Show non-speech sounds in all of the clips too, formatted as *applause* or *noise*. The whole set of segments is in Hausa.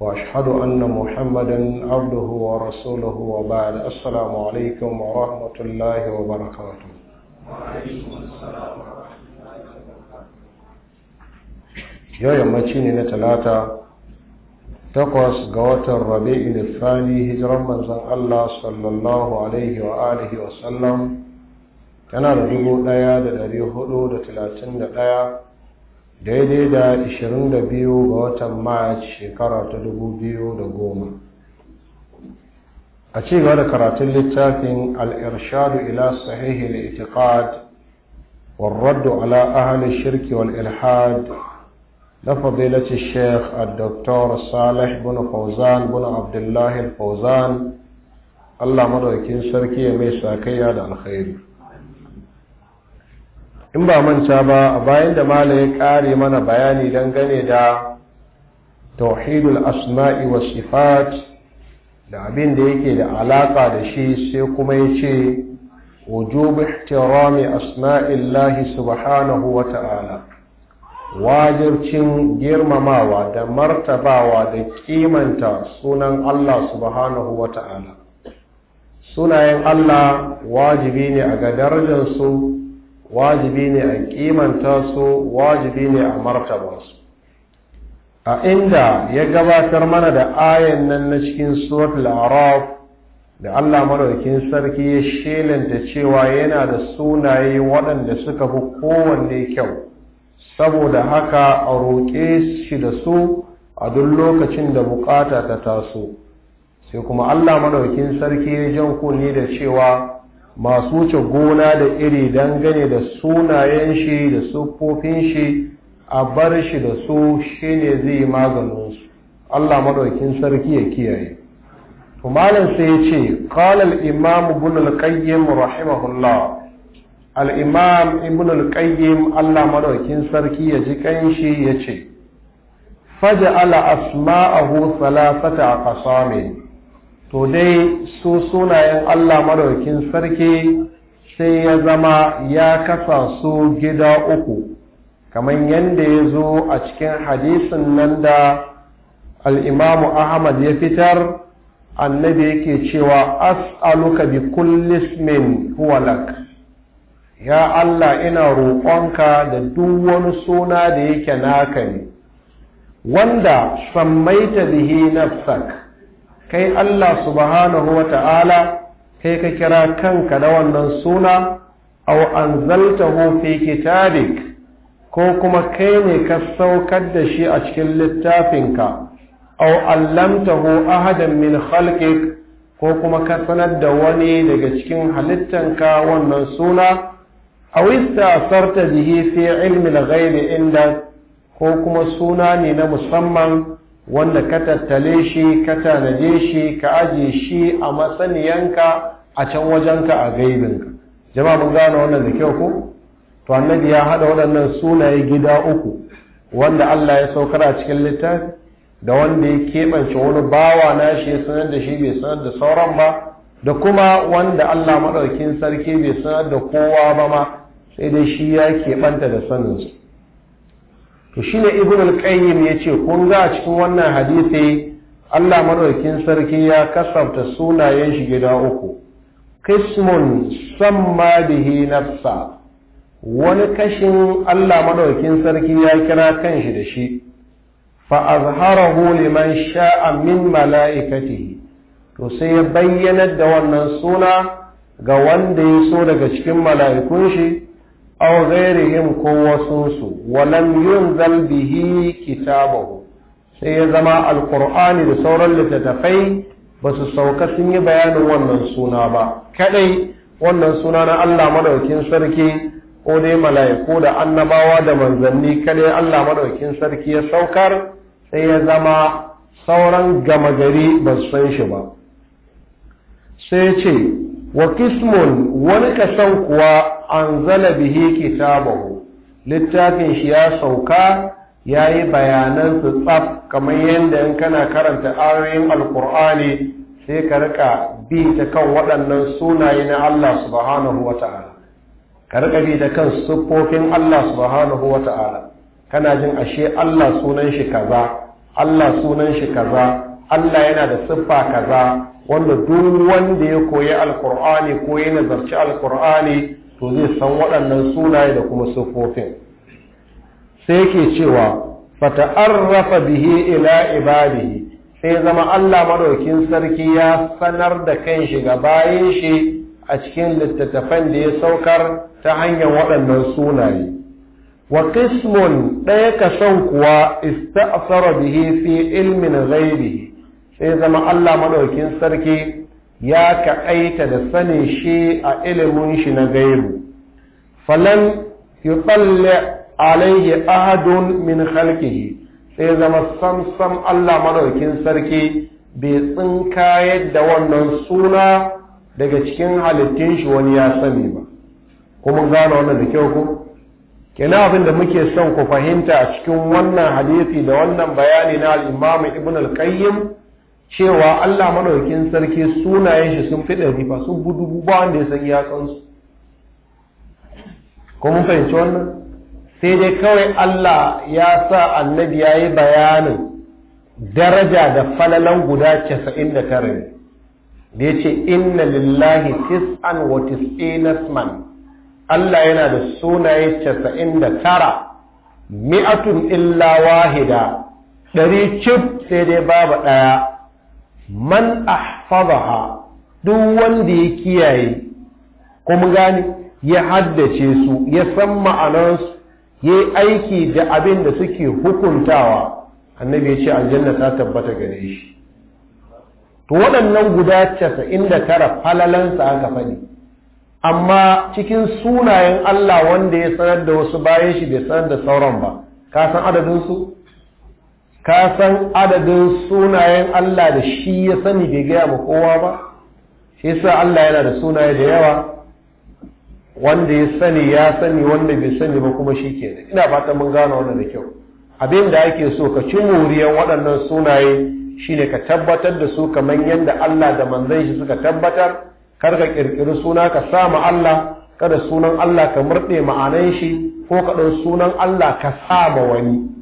وأشهد أن محمدا عبده ورسوله وبعد السلام عليكم ورحمة الله وبركاته وعليكم السلام ورحمة نتلاتا takwas ga watan rabi'in alfani hijiran manzon Allah sallallahu alaihi wa alihi wa sallam tana da dubu ɗaya da ɗari hudu da talatin da ɗaya daidai da siridabiyu ga watan marc shekara ta dububiyu da goma a cigaba da karatun littafin al irshadu ila sahihi da itiqad warraddu ala ahli shirki wal ilhad na fadilaci shek a dor Salih bin fauzan bin abdullahi fauzan allah madaukin sarki a mai sakayya da alhairi in ba manta ba a bayan da mala ya kare mana bayani dangane da tauhidul asma'i wa sifat da abin da yake da alaƙa da shi sai kuma ya ce وجوب احترام أسماء الله سبحانه ta'ala wajircin girmamawa da martabawa da kimanta sunan Allah subhanahu wa ta'ala sunayen Allah wajibi ne a ga darajarsu wajibi ne a kimanta su wajibi ne a martaba su a inda ya gabatar mana da ayan nan na cikin suratul araf da Allah madaukakin sarki ya shelanta cewa yana da sunaye waɗanda suka fi kowanne kyau saboda haka a roƙe shi da su a duk lokacin da bukata ta taso sai kuma Allah madaukakin sarki ya jan kunne da cewa masu wuce gona da iri dangane da sunayen shi da siffofin shi a bar shi da su shi ne zai maganin su Allah madaukin sarki ya kiyaye to malam sai ya ce kalal al-imam ibn al-qayyim rahimahullah al-imam ibn al-qayyim Allah madaukin sarki ya ji kanshi ya ce faja'ala asma'ahu thalathata aqsam to dai su sunayen Allah madaukin sarki sai ya zama ya kasa su gida uku kamar yadda ya zo a cikin hadisin nan da al'imamu ahmad ya fitar annabi yake cewa as'aluka bi kullis min huwalak ya Allah ina roƙonka da duk wani suna da yake naka ne wanda sammaita bihi nafsaka kai Allah subhanahu wa ta'ala kai ka kira kanka da wannan suna aw anzaltahu fi kitabik ko kuma kai ne ka saukar da shi a cikin littafinka aw allamtahu ahadan min khalqik ko kuma ka sanar da wani daga cikin halittanka wannan suna aw istasarta bihi fi ilmi al-ghaibi inda ko kuma suna ne na musamman wanda ka tattale shi ka tanaje shi ka ajiye shi a masaniyanka a can wajenka a gaibinka jama'a mun gane wannan da kyau ko to annabi ya hada waɗannan sunaye gida uku wanda Allah ya saukar a cikin littafi da wanda ya keɓance wani bawa na shi ya sanar da shi bai sanar da sauran ba da kuma wanda Allah maɗaukin sarki bai sanar da kowa ba ma sai dai shi ya keɓanta da saninsu to shine ibn al-qayyim yace kun ga a cikin wannan hadisi Allah madaukakin sarki ya kasafta sunayen shi gida uku qismun samma bihi nafsa wani kashin Allah madaukakin sarki ya kira kanshi da shi fa azharahu liman sha'a min mala'ikatihi to sai ya bayyanar da wannan suna ga wanda ya so daga cikin mala'ikun shi aw ghairihim ko wasunsu walam yunzal bihi kitabahu sai ya zama alqur'ani da sauran littattafai ba su sauka sun yi bayanin wannan suna ba Kaɗai wannan suna na Allah maɗaukin sarki ko dai mala'iku da annabawa da manzanni kadai Allah maɗaukin sarki ya saukar sai ya zama sauran gama gari ba su san shi ba sai ce wa kismun wani kasan kuwa an zala bihe tabahu littafin shi ya sauka ya yi bayanan su tsaf kamar yadda in kana karanta ayoyin alkur'ani sai ka rika bi ta kan waɗannan sunaye na Allah subhanahu wa ta'ala ka rika bi ta kan siffofin Allah subhanahu wa ta'ala kana jin ashe Allah sunan shi kaza Allah sunan shi kaza Allah yana da siffa kaza wanda duk wanda ya koyi alkur'ani ko ya nazarci alkur'ani to zai san waɗannan sunaye da kuma siffofin sai ke cewa fata'arrafa bihi ila ibadihi sai zama Allah madaukin sarki ya sanar da kanshi ga bayan shi a cikin littattafan da ya saukar ta hanyar waɗannan sunaye wa qismun ɗaya kason kuwa ista'sara bihi fi ilmin ghairihi sai zama Allah maɗaukin sarki ya kaɗaita da sanin shi a ilimin shi na gairu falan yutsalli alaihi ahadun min halkihi sai zama sam-sam Allah maɗaukin sarki bai tsinka yadda wannan suna daga cikin halittun shi wani ya sani ba kuma gane wannan da kyau ku Kina abin da muke son ku fahimta a cikin wannan hadisi da wannan bayani na al-Imam Ibn al-Qayyim cewa Allah madaukakin sarki sunayen shi sun fi ɗari ba sun budu ba wanda ya san iyakansu ko mun fahimci wannan sai dai kawai Allah ya sa annabi ya yi bayanin daraja da falalan guda casa'in da tara da ya ce inna lillahi tis'an wa tis'ina Allah yana da sunaye casa'in da tara mi'atun illa wahida ɗari cif sai dai babu ɗaya man ahfazaha duk wanda ya kiyaye kuma gani ya haddace su ya san ma'anansu ya yi aiki da abin da suke hukuntawa annabi ya ce aljanna ta tabbata gare shi to waɗannan guda casa'in da tara falalansa aka faɗi amma cikin sunayen Allah wanda ya sanar da wasu bayan shi bai sanar da sauran ba ka san adadinsu ka san adadin sunayen Allah da shi ya sani bai gaya ma kowa ba shi yasa Allah yana da sunaye da yawa wanda ya sani ya sani wanda bai sani ba kuma shi ke ina fata mun gane wannan da kyau abin da ake so ka ci muriyan waɗannan sunaye shine ka tabbatar da su kamar yadda Allah da manzon shi suka tabbatar kar ka kirkiri suna ka sama Allah kada sunan Allah ka murɗe ma'anan shi ko ka ɗau sunan Allah ka sama wani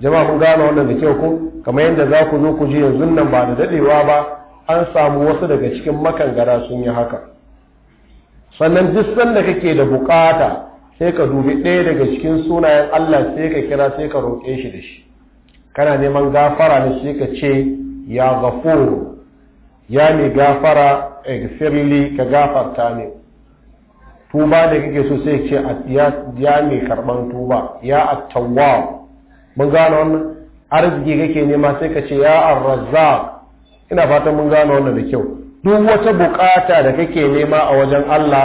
jama'a kun gane wannan da kyau ko kamar yadda za ku zo ku ji yanzu nan ba da dadewa ba an samu wasu daga cikin makangara sun yi haka sannan duk sanda kake da bukata sai ka dubi ɗaya daga cikin sunayen Allah sai ka kira sai ka roƙe shi da shi kana neman gafara ne sai ka ce ya ghafur ya mai gafara igfirli ka gafarta ne tuba da kake so sai ce ya mai karban tuba ya at-tawwab mun gane wannan arziki kake nema sai ka ce ya arrazzaq ina fatan mun gane wannan da kyau duk wata bukata da kake nema a wajen Allah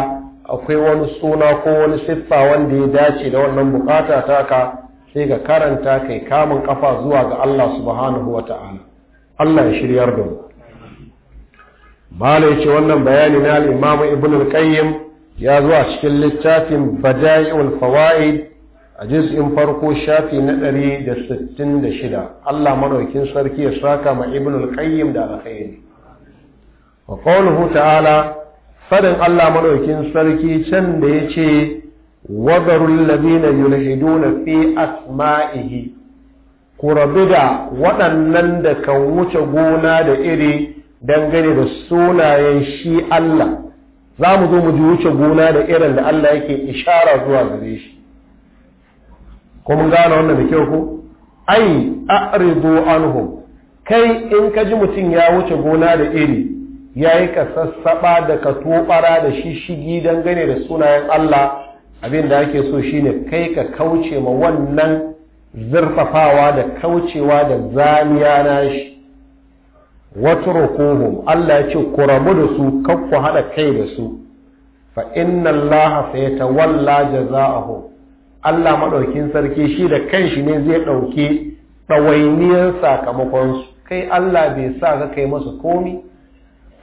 akwai wani suna ko wani siffa wanda ya dace da wannan bukata taka sai ga karanta kai kamun kafa zuwa ga Allah subhanahu wa ta'ala Allah ya shiryar da mu malai ce wannan bayani na al-Imam Ibn al-Qayyim ya zuwa cikin littafin Bada'i'ul Fawaid a juz'in farko shafi na ɗari da sittin da shida Allah maɗaukin sarki ya saka ma ibn al-qayyim da alkhairi wa qawluhu ta'ala fadin Allah maɗaukin sarki can da yace wadarul ladina yulhiduna fi asma'ihi ku rabu da waɗannan da kan wuce gona da iri dangane da sunayen shi Allah za mu zo mu ji wuce gona da irin da Allah yake ishara zuwa gare shi ko mun gane wannan da kyau ko ai a'ridu anhum kai in ka ji mutum ya wuce gona da iri ya yi ka sassaba da ka tobara da shishigi gane da sunayen Allah abin da ake so shine kai ka kauce ma wannan zurfafawa da kaucewa da zamiya na shi watrukuhum Allah ya ce ku rabu da su kan ku haɗa kai da su fa inna Allah sayatawalla jaza'ahum Allah maɗaukin sarki shi da kanshi ne zai ɗauke ɗawainiyar sakamakonsu kai Allah bai sa ka kai masu komi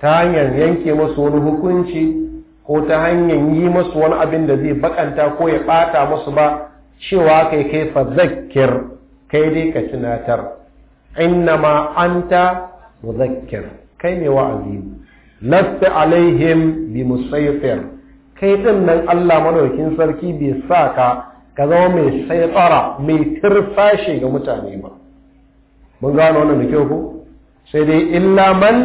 ta hanyar yanke masu wani hukunci ko ta hanyar yi masu wani abin da zai bakanta ko ya ɓata masu ba cewa kai kai fazakir kai dai ka tunatar innama anta muzakkir kai ne wa'azi lasta alaihim bi musayfir kai ɗin nan Allah maɗaukin sarki bai sa ka ka zama mai saitsara mai turfashi ga mutane ba mun gano wannan da kyau ko sai dai illa man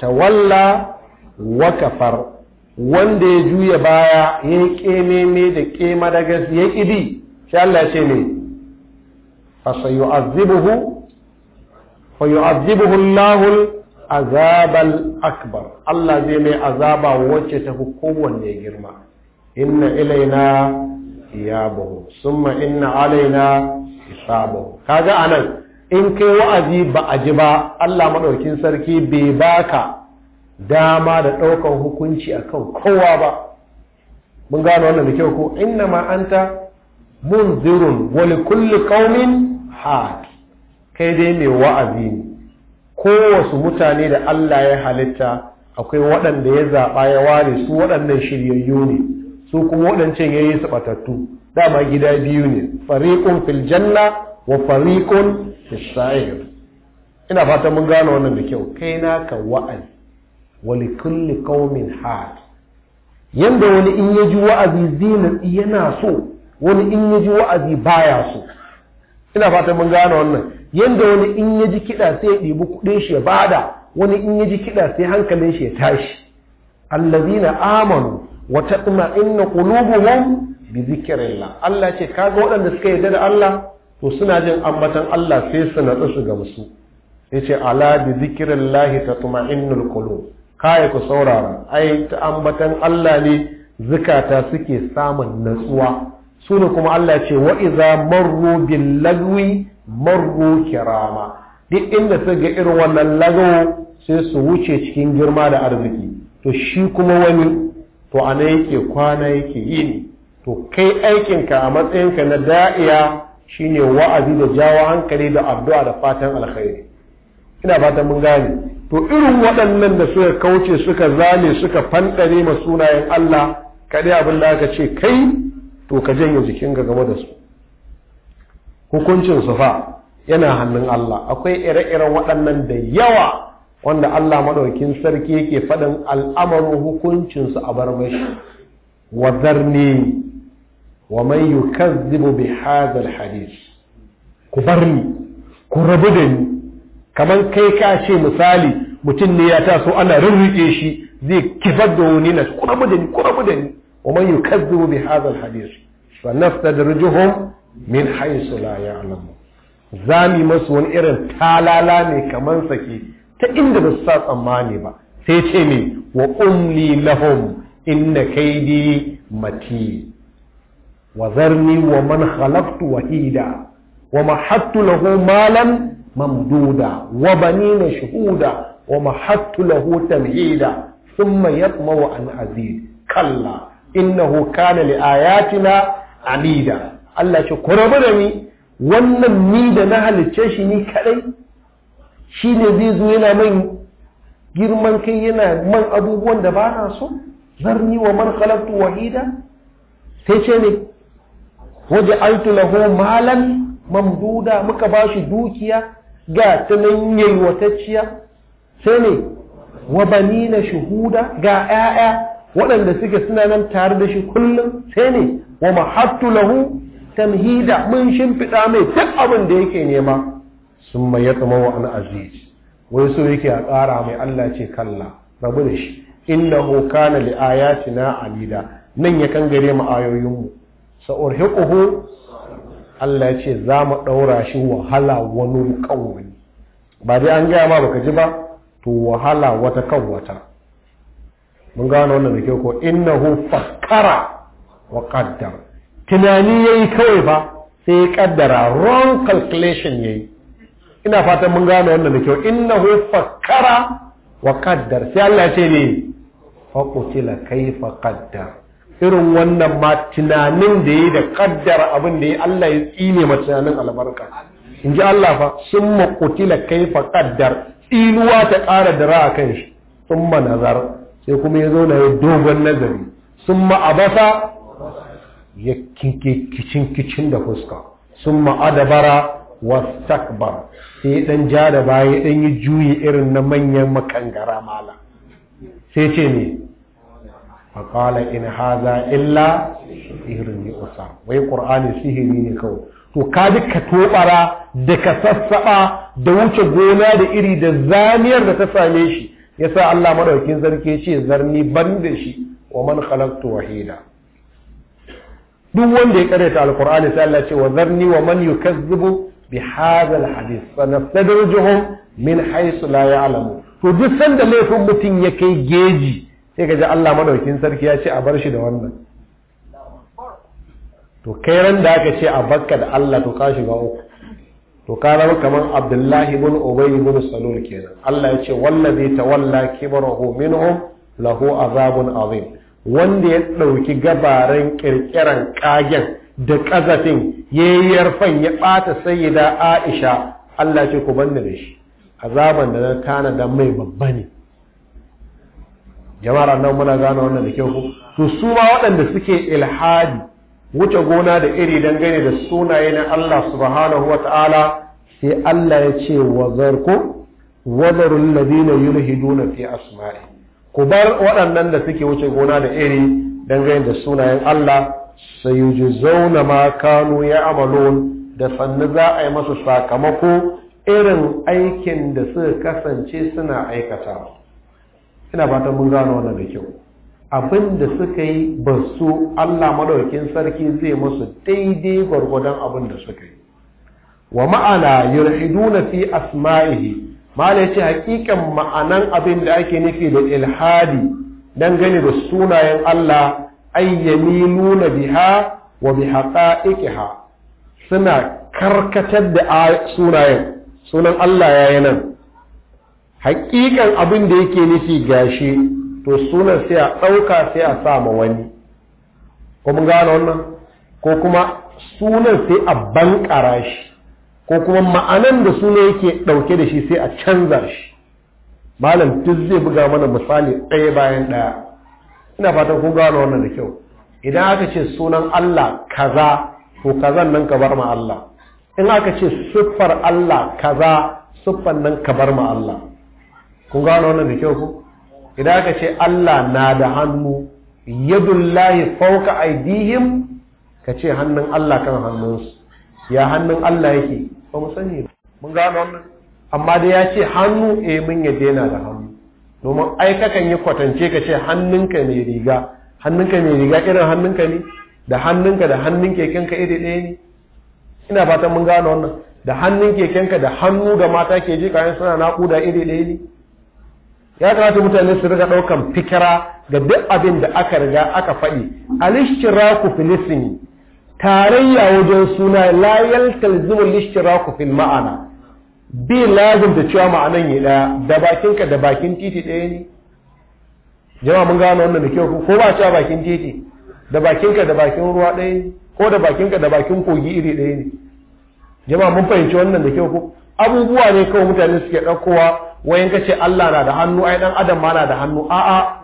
tawalla wa kafar wanda ya juya baya ya yi kememe da kema da gas ya idi sai Allah ce ne fa yu'azzibuhu Allahul azabal akbar Allah zai mai azaba wacce ta kowanne girma inna ilaina thiyabahu summa inna alaina hisabahu kaga anan in kai wa'azi ba a ji ba Allah madaukin sarki bai baka dama da ɗaukan hukunci akan kowa ba mun gano wannan da kyau ko inna ma anta munzirun wa likulli qaumin haq kai dai mai wa'azi ne kowasu mutane da Allah ya halitta akwai waɗanda ya zaɓa ya ware su waɗannan shiryayyu ne su kuma waɗancan ya yi su dama gida biyu ne fariƙun fil janna wa fariƙun fil sa'ir ina fata mun gane wannan da kyau kai na ka wa'an wa li kulli qaumin had yanda wani in yaji ji wa'azi zina yana so wani in yaji ji wa'azi baya so ina fata mun gane wannan yanda wani in yaji ji kiɗa sai ya ɗibi kuɗin shi ya bada wani in yaji ji kiɗa sai hankalin shi ya tashi allazina amanu wa tatma'innu qulubuhum bi dhikrillah Allah ce kaga waɗanda suka yarda da Allah to suna jin ambatan Allah sai su natsu su gamsu yace ala bi dhikrillah tatma'innul qulub kai ku saurara ai ta ambatan Allah ne zukata suke samun natsuwa su kuma Allah ce wa iza marru bil lagwi marru kirama duk inda su ga irin wannan lagwo sai su wuce cikin girma da arziki to shi kuma wani to a na yake kwana yake yini to kai aikinka a matsayinka na da'iya shine wa'azi da jawo hankali da addu'a da fatan alkhairi ina fatan mun gane to irin waɗannan da suka kauce suka zame suka fanɗare ma sunayen Allah kaɗai abin da aka ce kai to ka janye jikinka game da su hukuncin su fa yana hannun Allah akwai ire-iren waɗannan da yawa wanda Allah madaukin sarki yake faɗin al'amarin hukuncinsu a bar mashi wa zarni wa man yukazzibu bi hadhal hadith ku bar ni ku rabu da ni Kamar kai ka ce misali mutum ne ya taso ana rurrike shi zai kifar da wani na ku rabu da ni ku rabu da ni wa man yukazzibu bi hadhal hadith fa nastadrijuhum min haythu la ya'lamun zami masu wani irin talala ne kaman sake ta inda ba su sa tsammani ba sai ce ne wa umli lahum inna kaidi mati wa zarni wa man khalaqtu wahida wa mahattu lahu malan mamduda wa banina shuhuda wa mahattu lahu tamhida thumma yatma'u an azid kalla innahu kana li ayatina anida Allah ce ku rabu da ni wannan ni da na halicce shi ni kadai shi ne zai zo yana man girman kai yana man abubuwan da ba na so zarni wa man khalaqtu wahida sai ce ne waje altu lahu malan mamduda muka ba shi dukiya ga ta nan yalwatacciya sai ne wa banina shuhuda ga 'ya'ya waɗanda suke suna nan tare da shi kullum sai ne wa mahattu lahu tamhida mun shimfiɗa mai duk abin da yake nema sun mai ya tsama wa an aziz wai so yake a ƙara mai allah ce kalla rabu da shi innahu kana li na alida nan ya kangare mu ayoyinmu ho. Allah ya ce za mu ɗaura shi wahala wani kan wani ba dai an gaya ma baka ji ba to wahala wata kan wata mun gano wannan da kyau ko innahu fakkara wa qaddar tunani yayi kawai ba, sai ya kaddara wrong calculation yayi ina fatan mun gane wannan da kyau innahu fakkara wa qaddar sai Allah ce ne fa qutila kaifa qaddar irin wannan ma tunanin da yi da qaddar abin da yi Allah ya tsine ma tunanin albarka in ji Allah fa summa qutila kaifa qaddar tsinuwa ta ƙara dara a kan shi summa nazar sai kuma ya zo na yi dogon nazari summa abasa ya kicin kicin da fuska summa adabara wastakbar sai dan ja da baya dan yi juyi irin na manyan makangara mala sai ce ne ƙala in haza illa sihirin ne wai ƙur'ani sihiri ne kawai to ka ji ka tobara da ka sassaɓa da wuce gona da iri da zaniyar da ta same shi yasa Allah madaukin sarki ce zarni ban da shi wa man khalaqtu wahida duk wanda ya karyata alqur'ani sai Allah ce wa zarni wa man yukazzibu bi hadal hadis sanastadrijuhum min haisu la to duk sanda laifin mutum ya kai geji sai ka ji Allah madaukin sarki ya ce a bar shi da wannan to kai ran da aka ce a bakka da Allah to ka shiga uku to ka zama kamar Abdullahi ibn Ubay ibn Salul kenan Allah ya ce wallazi tawalla kibrahu minhum lahu azabun azim wanda ya dauki gabaran kirkiran kagen da ƙazafin yarfan ya ɓata sayyida aisha Allah ce ku banni da shi azaban da na tanada mai babba ne jama'ar nan muna gane wannan da kyau to su ma waɗanda suke ilhadi wuce gona da iri dangane da sunaye na Allah subhanahu wa ta'ala sai Allah ya ce wazarku wadarun ladina yulhiduna fi asma'i ku bar waɗannan da suke wuce gona da iri dangane da sunayen Allah zauna ma kanu ya'malun da sannu za a yi masa sakamako irin aikin da suka kasance suna aikata ina fatan mun gano wannan da kyau abin da suka yi ba Allah madaukin sarki zai musu daidai gwargwadon abin da suka yi wa ma'ana yurhiduna fi asma'ihi mala yace hakikan ma'anan abin da ake nufi da ilhadi gani da sunayen Allah ayyaminuna biha wa bi haqa'iqiha suna karkatar da sunayen sunan Allah yayin nan haƙiƙan abin da yake nufi gashi to sunan sai a ɗauka sai a sa ma wani ko mun gane wannan ko kuma sunan sai a bankara shi ko kuma ma'anan da suna yake dauke da shi sai a canza shi malam duk zai buga mana misali ɗaya bayan ɗaya ina fatan kun gano wannan da kyau idan aka ce sunan Allah kaza to kazan nan ka bar ma Allah in aka ce siffar Allah kaza siffar nan ka bar ma Allah kun gano wannan da kyau ku idan aka ce Allah na da hannu yadullahi fawqa aydihim ka ce hannun Allah kan hannunsu ya hannun Allah yake ba mu sani ba mun gano wannan amma da ya ce hannu eh mun yadda yana da hannu domin ai kakan yi kwatance ka ce hannunka mai riga hannunka mai riga irin hannunka ne da hannunka da hannun kekenka iri ɗaya ne ina fatan mun gano wannan da hannun kekenka da hannu da mata ke ji kayan suna naƙuda iri ɗaya ne ya kamata mutane su riga ɗaukan fikira ga duk abin da aka riga aka faɗi alishtiraku filisini tarayya wajen suna layal talzimu zumul ishtiraku fil ma'ana bi lazim da cewa ma'anan yi ɗaya da bakinka da bakin titi ɗaya ne jama mun gano wannan da kyau ko ba cewa bakin titi da bakinka da bakin ruwa ɗaya ne ko da bakinka da bakin kogi iri ɗaya ne jama mun fahimci wannan da kyau ko abubuwa ne kawai mutane suke ɗaukowa wayan ka ce Allah na da hannu ai dan adam ma na da hannu a'a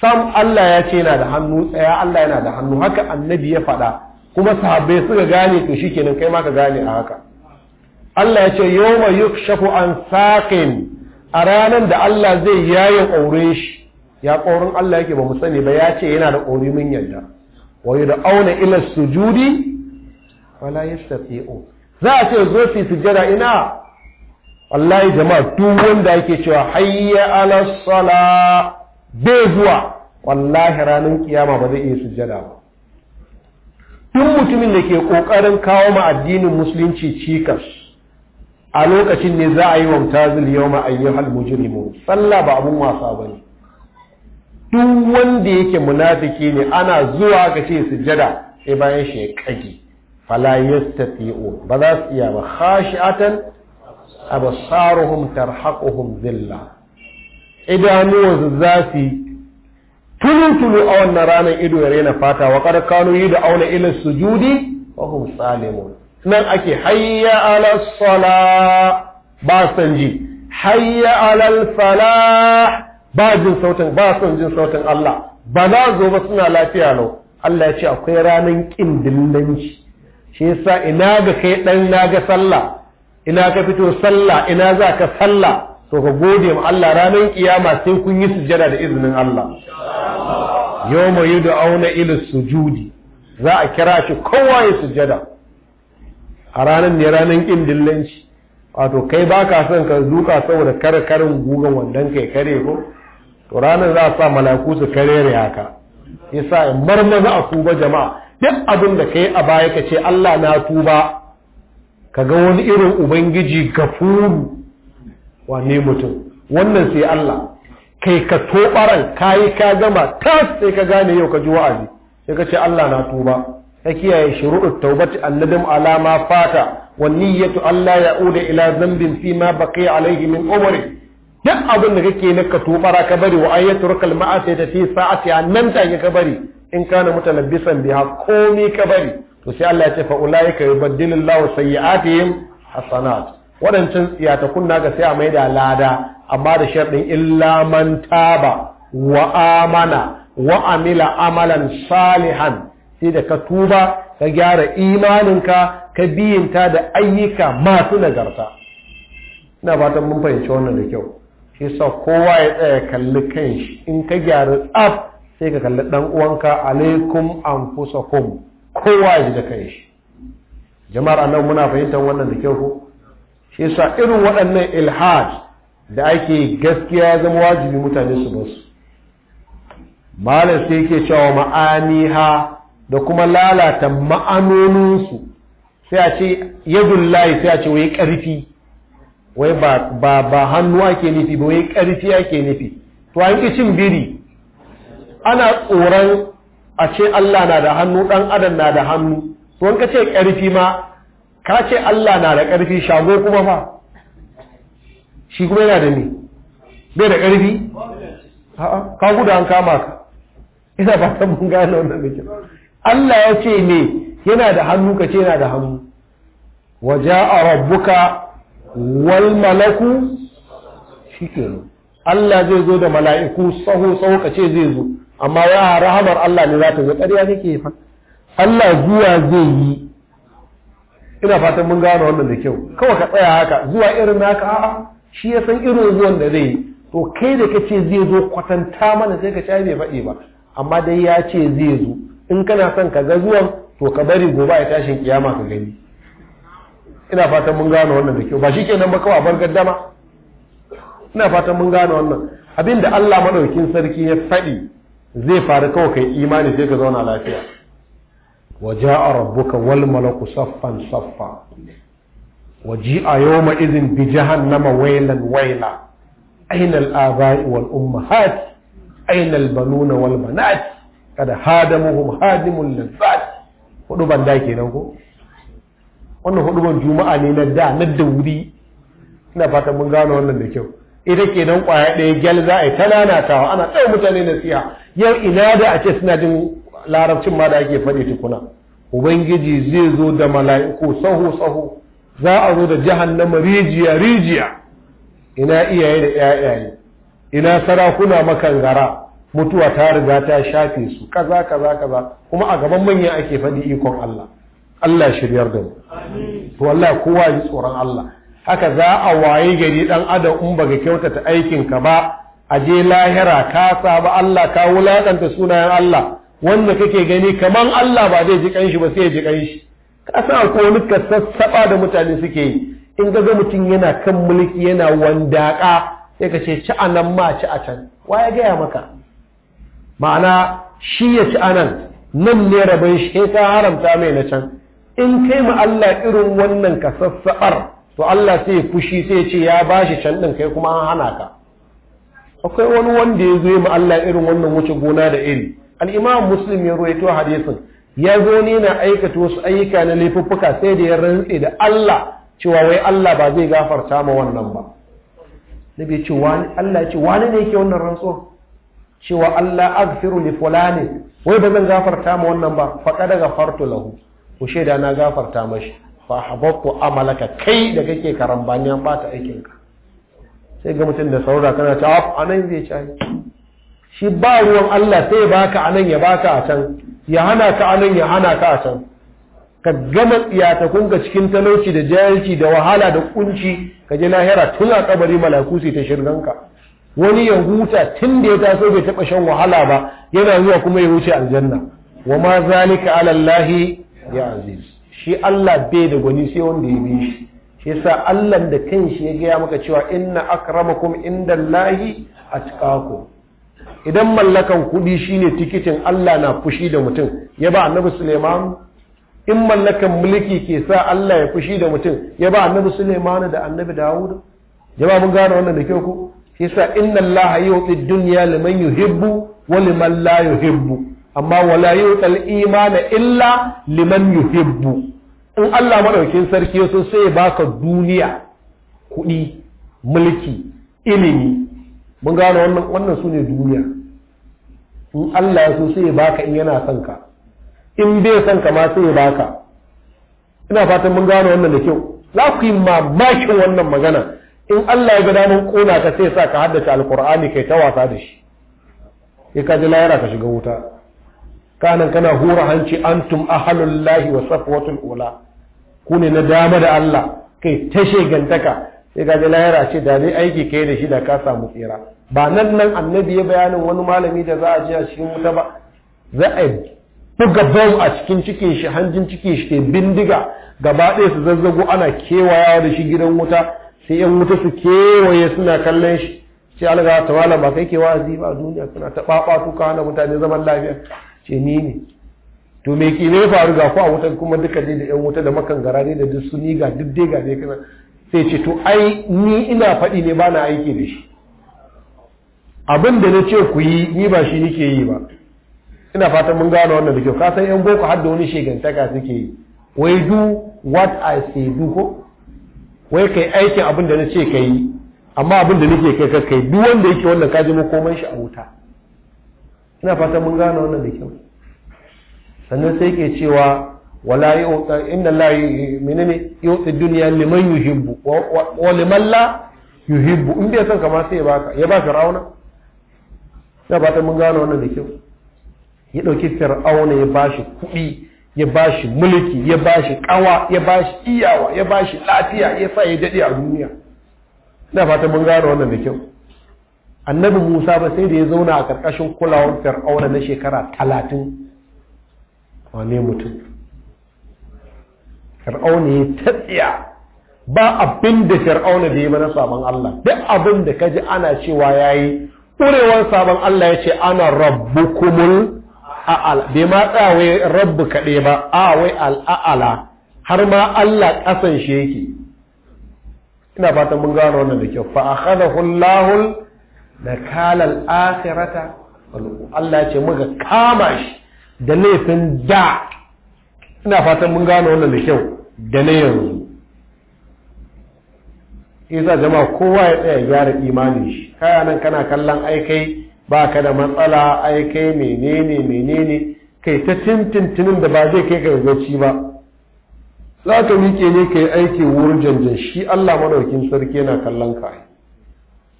sam Allah ya ce yana da hannu tsaya Allah yana da hannu haka annabi ya faɗa kuma sahabbai suka gane to shikenan kai ma ka gane a haka Allah ya ce yawma shafu an saqin a ranar da Allah zai yayin aure shi ya ƙorin Allah yake ba mu sani ba ya ce yana da ƙori mun yadda wa auna ila sujudi wala yastati'u za a ce zo fi sujada ina wallahi jama'a duk wanda yake cewa hayya ala sala bai zuwa wallahi ranar kiyama ba zai iya sujada ba duk mutumin da ke ƙoƙarin kawo ma addinin musulunci cikas a lokacin ne za a yi wauta zil yau ma ayyuhal mujrimu sallah ba abun wasa ba ne duk wanda yake munafiki ne ana zuwa ga ce sujjada sai bayan shi ya kage fala yastati'u ba za su iya ba khashi'atan absaruhum tarhaquhum zilla idanuwansu za su tulu-tulu a wannan ranar ido ya rena fata wa kanu yi da auna ilin sujudi wa hum salimun nan ake hayya ala sala ba san ji hayya ala falah ba jin sautin ba san jin sautin Allah ba za zo ba suna lafiya lau Allah ya ce akwai ranan kin dillanci shi yasa ina ga kai dan na ga sallah ina ka fito sallah ina za ka sallah to ka gode ma Allah ranan kiyama sai kun yi sujjada da izinin Allah yawma yud'auna ila sujudi za a kira shi kowa ya sujjada a ranar ne ranar ƙin dillanci wato kai ba ka son ka duka saboda kare karin gugan wandon kai kare ko to ranar za a sa malaku su ne haka ya sa in bar maza a tuba jama'a duk abin da kai a baya ka ce Allah na tuba ka ga wani irin ubangiji gafuru wane mutum wannan sai Allah kai ka tobaran kayi ka gama tas sai ka gane yau ka ji wa'azi sai ka ce Allah na tuba ta kiyaye shuru'ut taubati annadam ala ma fata wa niyyatu alla ya'uda ila dhanbin fi ma baqiya alayhi min umri duk abin da kake na ka tubara ka bari wa ayatu rakal ma'asi da fi sa'ati annan take ka bari in kana mutalabbisan biha komi ka bari to sai Allah ya ce fa ulaika yubaddilullahu sayyi'atihim hasanat wadancan tsiyata kunna ga sai a da lada amma da sharɗin illa man taba wa amana wa amila amalan salihan sai da ka tuba ka gyara imaninka ka biyinta da ayyuka masu nagarta ina fatan mun fahimci wannan da kyau shi sa kowa ya tsaya kalli shi in ka gyara tsaf sai ka kalli dan uwanka alaikum anfusakum kowa ya ji da shi jama'ar annabi muna fahimtar wannan da kyau ko shi sa irin waɗannan ilhad da ake gaskiya zama wajibi mutane su basu malam sai yake cewa ma'aniha da kuma lalata ma'anoninsu sai a ce layi sai a ce wai ƙarfi wai ba hannu ake nufi ba wai ƙarfi ake nufi to an ki cin biri ana tsoron a ce Allah na da hannu ɗan adam na da hannu to an ka ce ƙarfi ma ka ce Allah na da ƙarfi shago kuma ba shi kuma yana da ne bai da ƙarfi ka guda an kama ka ina ba ta mun gane wannan mai kyau Allah ya ce me yana da hannu ka ce yana da hannu waje a rabbuka wal malaku shi Allah zai zo da mala'iku tsaho tsaho ka ce zai zo amma ya rahamar Allah ne za ta zo ƙarya kake fa Allah zuwa zai yi ina fatan mun gano wannan da kyau kawai ka tsaya haka zuwa irin naka a'a shi ya san irin zuwan da zai yi to kai da kace zai zo kwatanta mana sai ka ci bai faɗi ba amma dai ya ce zai zo in kana son ka ga zuwan to ka bari gobe a tashin kiyama ka gani ina fatan mun gano wannan da kyau ba shi kenan ba kawai bar gaddama ina fatan mun gano wannan abin da Allah madaukin sarki ya faɗi zai faru kawai kai imani sai ka zauna lafiya wa ja'a rabbuka wal malaku saffan saffa wa ji'a yawma idhin bi jahannama wailan waila aina al-aba'i wal ummahat aina al-banuna wal banat kada hadamuhum hadimul lazzat hudu ban da kenan ko wannan hudu ban juma'a ne na da na da ina fatan mun gano wannan da kyau ita kenan kwaya ɗaya gel za a yi ta ana ɗau mutane siya yau ina da a ce suna jin larabcin ma da ake faɗi tukuna ubangiji zai zo da mala'iku sahu sahu za a zo da jahannama rijiya rijiya ina iyaye da 'ya'yaye ina sarakuna makangara mutuwa ta riga ta shafe su kaza kaza kaza kuma a gaban manya ake faɗi ikon Allah Allah shiryar da mu to Allah kowa ji tsoron Allah haka za a waye gari dan adam in baka kyautata aikin ka ba a je lahira ka saba Allah ka wulakanta sunayen Allah wanda kake gani kaman Allah ba zai ji kanshi ba sai ya ji kanshi ka san akwai ka sassaba da mutane suke yi in ga mutum yana kan mulki yana wandaka sai ka ce ci a nan ma ci a can wa ya gaya maka ma'ana shi ya ci anan nan ne rabin shi in eh, ka haramta mai na can in kai ma Allah irin wannan ka sassaɓar to Allah sai fushi sai ce ya bashi can ɗin kai kuma an hana ka akwai wani wanda ya zo ma Allah irin wannan wuce gona da iri al-Imam Muslim ya ruwaito hadisin ya zo ne na aikata wasu ayyuka na laifuffuka sai da ya rantse da Allah cewa wai Allah ba zai gafarta ma wannan ba nabi ce wani Allah ya ce wani ne yake wannan rantsuwa cewa Allah aghfiru li fulani wai ba zan gafarta ma wannan ba faqad farto lahu ku shaida na gafarta mashi fa habattu amalaka kai da kake karambaniya bata aikin ka sai ga mutum da saura kana ta a anan zai ci shi ba ruwan Allah sai baka anan ya baka a can ya hana ka anan ya hana ka a can ka gama kun ga cikin talauci da jahilci da wahala da kunci ka je lahira tun a kabari malaku su ta shirganka wani ya huta tun da ya taso bai taɓa shan wahala ba yana zuwa kuma ya wuce aljanna wa ma zalika ala Allah ya aziz shi Allah bai da gwani sai wanda ya bi shi shi yasa Allah da kanshi ya gaya maka cewa inna akramakum indallahi atqaku idan mallakan kuɗi shine tikitin Allah na fushi da mutum ya ba annabi Suleiman in mallakan mulki ke sa Allah ya fushi da mutum ya ba annabi Suleiman da annabi Dawud jama'a mun gane wannan da kyau ko shi yasa inna Allah yu'ti dunya liman yuhibbu wa liman la yuhibbu amma wala yu'tal imana illa liman yuhibbu in Allah madaukin sarki yaso sai ya baka duniya kuɗi mulki ilimi mun gano wannan wannan sune duniya in Allah ya so sai ya baka in yana son ka in bai son ka ma sai ya baka ina fatan mun gano wannan da kyau za ku yi mamakin wannan magana in Allah ya ga damin kona ka sai sa ka haddace alkur'ani kai ta wasa da shi sai ka ji layara ka shiga wuta kanan kana hura hanci antum ahalul lahi wa safwatul ula ku ne na dama da Allah kai ta shegantaka sai ka ji layara ce da dai aiki kai da shi da ka samu tsira ba nan nan annabi ya bayanin wani malami da za a ji a cikin wuta ba za a buga bom a cikin cikin shi hanjin cikin shi ke bindiga gaba ɗaya su zazzago ana kewaya da shi gidan wuta sai yan wuta su kewaye suna kallon shi ce alga ta wala ba kai ke wa'azi ba duniya suna ta ɓaɓa su kawo mutane zaman lafiya ce ni ne to me ke ne faru ga ku a kuma duka dai da yan wuta da makan gara ne da duk su ni ga duk dai ga dai kana sai ce to ai ni ina faɗi ne ba na aiki da shi abin da na ce ku yi ni ba shi nike yi ba ina fata mun gano wannan da kyau ka yan boko har da wani shegantaka suke yi wai du what i say do ko wai kai aikin abin da na ce ka yi amma abin da nake kai kai duk wanda yake wannan kaji komai shi a wuta ina fatan mun gane wannan da kyau sannan sai ke cewa wala yu'ta inna la minani yu'ti dunya liman yuhibbu wa liman la yuhibbu in bai son kama sai ya baka ya ba rauna ina fatan mun gane wannan da kyau ya dauki fir'auna ya bashi kuɗi ya ba shi mulki ya ba shi kawa ya ba shi iyawa ya ba shi lafiya ya sa ya dade a duniya ina fata mun gane wannan da kyau annabi Musa ba sai da ya zauna a karkashin kulawar Fir'auna na shekara 30 wane mutum Fir'auna ya tatsiya ba abin da Fir'auna da ya mana sabon Allah duk abin da ka ji ana cewa ya yi ƙurewar sabon Allah ya ce ana rabbukumul al'a'ala bai ma tsawe wai rabbu kaɗai ba a wai al'a'ala har ma Allah ƙasan shi yake ina fatan mun gano wannan da kyau fa akhadahu Allahu nakala al-akhirata Allah ce muka kama shi da laifin da ina fatan mun gano wannan da kyau da na yanzu isa jama'a kowa ya tsaya gyara imanin shi kayanan nan kana kallon aikai ba ka da matsala ai kai menene menene kai ta tintintinin da ba zai kai gargaci ba za ka miƙe ne ka yi aiki wurin janjan shi allah madaukin sarki yana kallon ka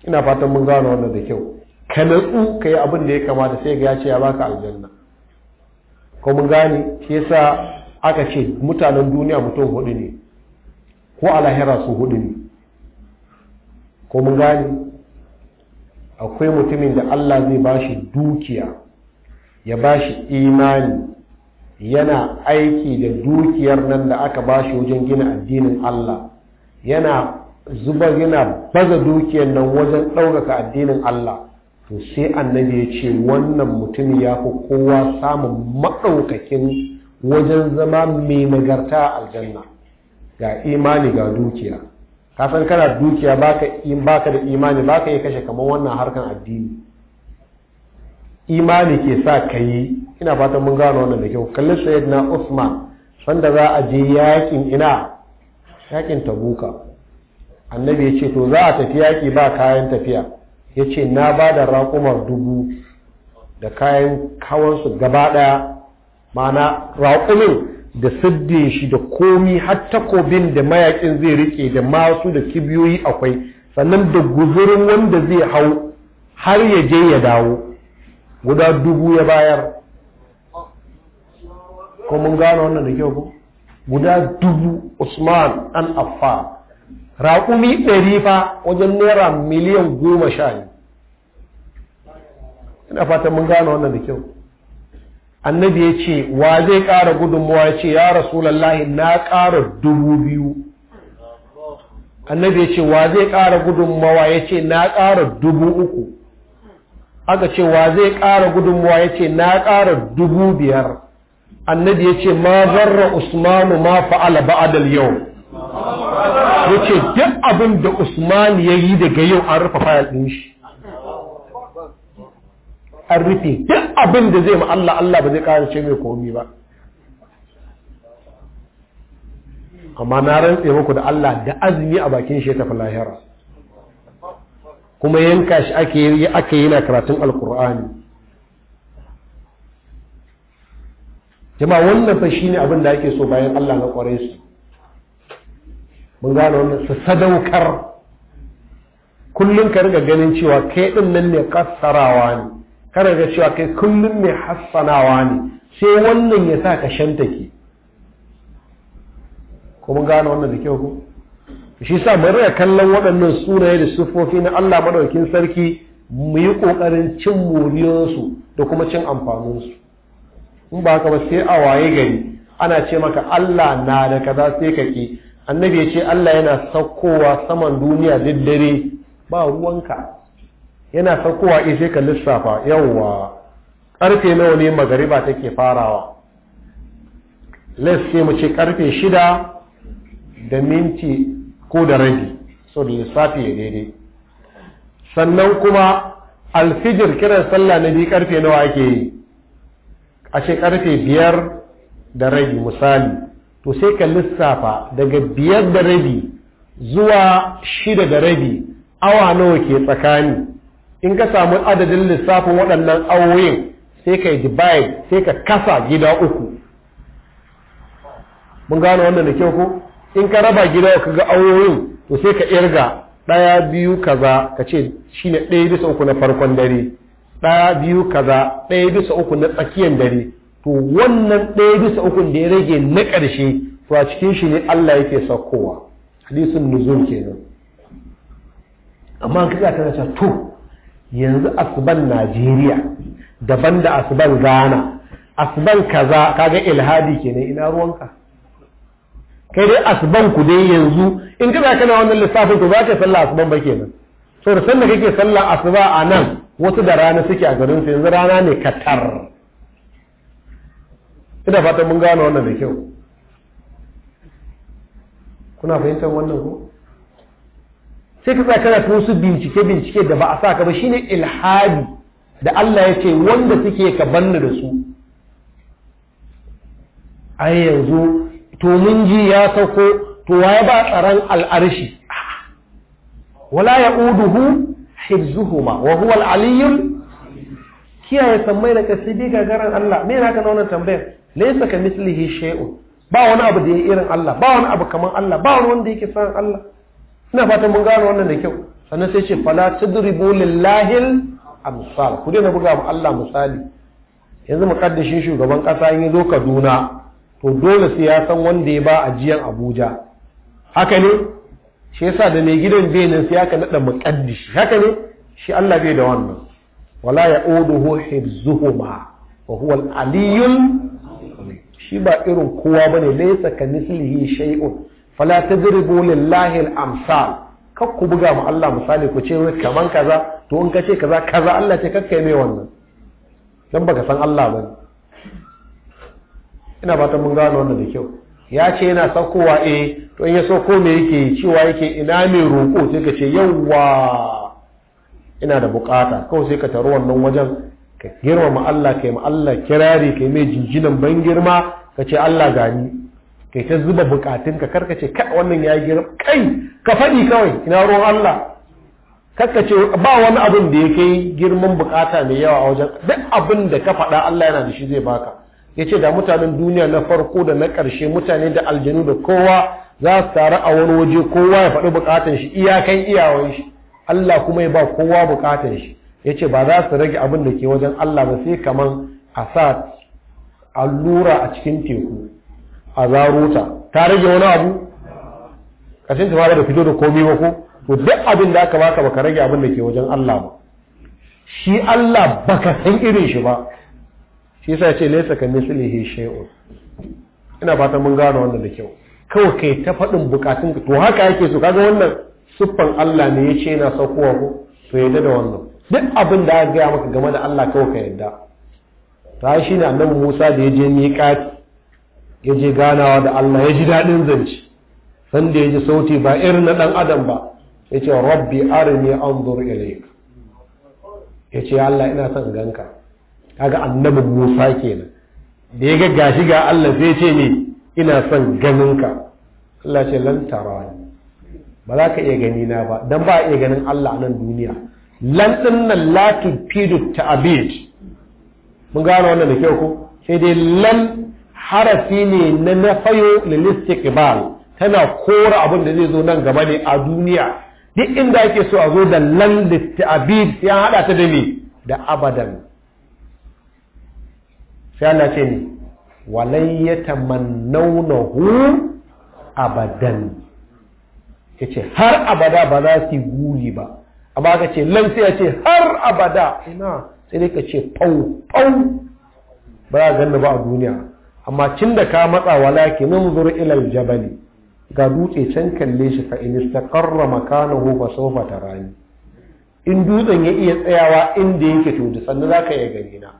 ina fatan mun gano wannan da kyau ka natsu ka yi abin da ya kamata sai ga ya ce ya baka aljanna ko mun gane shi yasa aka ce mutanen duniya mutum hudu ne ko a lahira su hudu ne ko mun gane akwai mutumin da Allah zai ba shi dukiya ya ba shi imani yana aiki da dukiyar nan da aka ba shi wajen gina addinin Allah yana zubar yana baza dukiyar nan wajen ɗaukaka addinin Allah to sai annabi ya ce wannan mutum ya fi kowa samun maɗaukakin wajen zama mai nagarta a aljanna ga imani ga dukiya ka san kana dukiya baka in da imani baka iya kashe kamar wannan harkan addini imani ke sa ka yi ina fatan mun gano wannan da kyau kalli sayyidina Usman sanda za a je yakin ina yakin Tabuka annabi ya ce to za a tafi yaki ba kayan tafiya ya ce na ba da raƙumar dubu da kayan kawansu gaba ɗaya Ma'ana raƙumin da siddin shi da komi har takobin da mayakin zai rike da masu da kibiyoyi akwai sannan da guzurin wanda zai hau har ya je ya dawo guda dubu ya bayar ko mun gano wannan da kyau ko guda dubu usman an affa raƙumi ɗari fa wajen naira miliyan goma sha ne ina fatan mun gano wannan da kyau annabi ya ce wa zai ƙara gudunmuwa ya ce ya rasulallah na ƙara dubu biyu annabi ya ce wa zai ƙara gudunmuwa ya ce na ƙara dubu uku aka ce wa zai ƙara gudunmuwa ya ce na ƙara dubu biyar annabi ya ce ma zarra usmanu ma fa'ala ba'adal yau ya ce duk abin da usman ya yi daga yau an rufe fayal ɗin shi an rufe duk abin da zai ma Allah Allah ba zai karace mai komi ba amma na rantse muku da Allah da azumi a bakin shi ya tafi lahira kuma yanka shi ake yi ake yi na karatun alkur'ani jama wannan fa shi ne abin da ake so bayan Allah na kware su mun gane wannan su sadaukar kullum ka riga ganin cewa kai din nan ne kassarawa ne kana ga cewa kai kullum mai hassanawa ne sai wannan ya sa ka shantake kuma gane wannan da kyau ku shi sa bari a kallon waɗannan sunaye da sufofi na Allah maɗaukin sarki mu yi ƙoƙarin cin muriyarsu da kuma cin amfaninsu in ba haka ba sai a waye gari ana ce maka Allah na da kaza sai ka ki annabi ya ce Allah yana saukowa saman duniya duk dare ba ruwanka yana saukowa in sai ka lissafa yawwa karfe nawa ne magariba take farawa let's mu ce karfe shida da minti ko da rabi so da lissafi ya daidai sannan kuma alfijir kiran sallah na bi karfe nawa ake yi a ce karfe biyar da rabi misali to sai ka lissafa daga biyar da rabi zuwa shida da rabi awa nawa ke tsakani in ka samu adadin lissafin waɗannan awoyin sai ka yi sai ka kasa gida uku mun gano wannan da kyau ko in ka raba gida ka ga awoyin to sai ka irga ɗaya biyu kaza ka ce shine ɗaya bisa uku na farkon dare ɗaya biyu kaza ɗaya bisa uku na tsakiyar dare to wannan ɗaya bisa uku da ya rage na ƙarshe to a cikin shi ne Allah yake saukowa hadisin nuzul kenan amma ka za ka to yanzu asuban najeriya daban da asuban ghana asuban kaza kaga ilhadi kenan ina ruwanka kai dai asuban ku dai yanzu in kana kana wannan lissafin to ba ka sallah asuban ba kenan so da sanda kake sallah asuba a nan wasu da rana suke a garin su yanzu rana ne katar ina fata mun gano wannan da kyau kuna fahimtar wannan ko sai ka tsaya kana wasu bincike bincike da ba a sa ka ba shine ilhadi da Allah ya ce wanda suke ka banni da su ai yanzu to mun ji ya sauko to waye ba tsaron al'arshi wala ya uduhu hibzuhuma wa huwa al-aliyyul kiyaye sammai da kasi bi gagarin Allah me yana ka na tambayar laysa ka mislihi shay'un ba wani abu da ya irin Allah ba wani abu kaman Allah ba wani wanda yake san Allah ina fatan mun gano wannan da kyau sannan sai ce fala tudribu lillahi amsal ku daina buga mu Allah misali yanzu mukaddashin shugaban kasa in zo Kaduna to dole sai ya san wanda ya ba ajiyan Abuja haka ne shi yasa da mai gidan benin sai aka nada muqaddishi haka ne shi Allah bai da wannan wala ya'uduhu hibzuhuma wa huwa al-aliyyul shi ba irin kowa bane laysa ka mislihi shay'un fala tadribu lillahi al kar ku buga ma Allah misali ku ce wai kaman kaza to in ka ce kaza kaza Allah ce kakka mai wannan dan baka san Allah ba ina fatan mun gano wannan da kyau ya ce yana saukowa eh to in ya sauko me yake cewa yake ina mai roƙo sai ka ce yawwa ina da bukata kawai sai ka taru wannan wajen ka girmama Allah kai ma Allah kirari kai mai jinjinan ban girma ka ce Allah gani kai ta zuba bukatun ka karka ce kai wannan ya girma kai ka faɗi kawai ina ruwan Allah karka ce ba wani abin da ya kai girman bukata mai yawa a wajen duk abin da ka faɗa Allah yana da shi zai baka yace da mutanen duniya na farko da na ƙarshe mutane da aljanu da kowa za su taru a wani waje kowa ya faɗi bukatun shi iyakan iyawan shi Allah kuma ya ba kowa bukatun shi yace ba za su rage abin da ke wajen Allah ba sai kamar a sa allura a cikin teku a zaruta ta rage wani abu ƙarshen ta da fito da komi ba ko to duk abin da aka baka baka rage abin da ke wajen Allah ba shi Allah baka san irin shi ba shi yasa ce laysa ka mislihi shay'un ina fatan mun gano wannan da kyau kawai kai ta faɗin bukatun to haka yake so kaga wannan siffan Allah ne yace yana saukowa ko to yadda da wannan duk abin da aka gaya maka game da Allah kawai ka yadda ta shi ne annabi Musa da ya je miƙati ya je ganawa da Allah ya ji daɗin zance sanda ya ji sauti ba irin na ɗan adam ba ya ce rabbi arini zuru ilayk ya ce Allah ina son ganka kaga annabin Musa kenan da ya ga shi ga Allah sai ce ne ina son ganinka Allah ce lan tarani ba za ka iya gani na ba dan ba iya ganin Allah nan duniya lan din nan la tufidu ta'bid mun gano wannan da kyau ko sai dai lan harafi ne na nafayo lilistikbal tana kora abin da zai zo nan gaba ne a duniya duk inda ake so a zo da lan listi'abid sai an hada ta da me da abadan sai Allah ce ne walai ya tamannawnahu abadan yace har abada ba za su guri ba amma ka ce lan sai ya ce har abada ina sai ne ka ce fau fau ba za a ba a duniya amma cin da ka matsa Laki ki zuru ilal jabali, ga dutse can kalle shi fa in istaqarra makanahu fa sawfa tarani in dutsen ya iya tsayawa inda yake to da sannan zaka iya gani na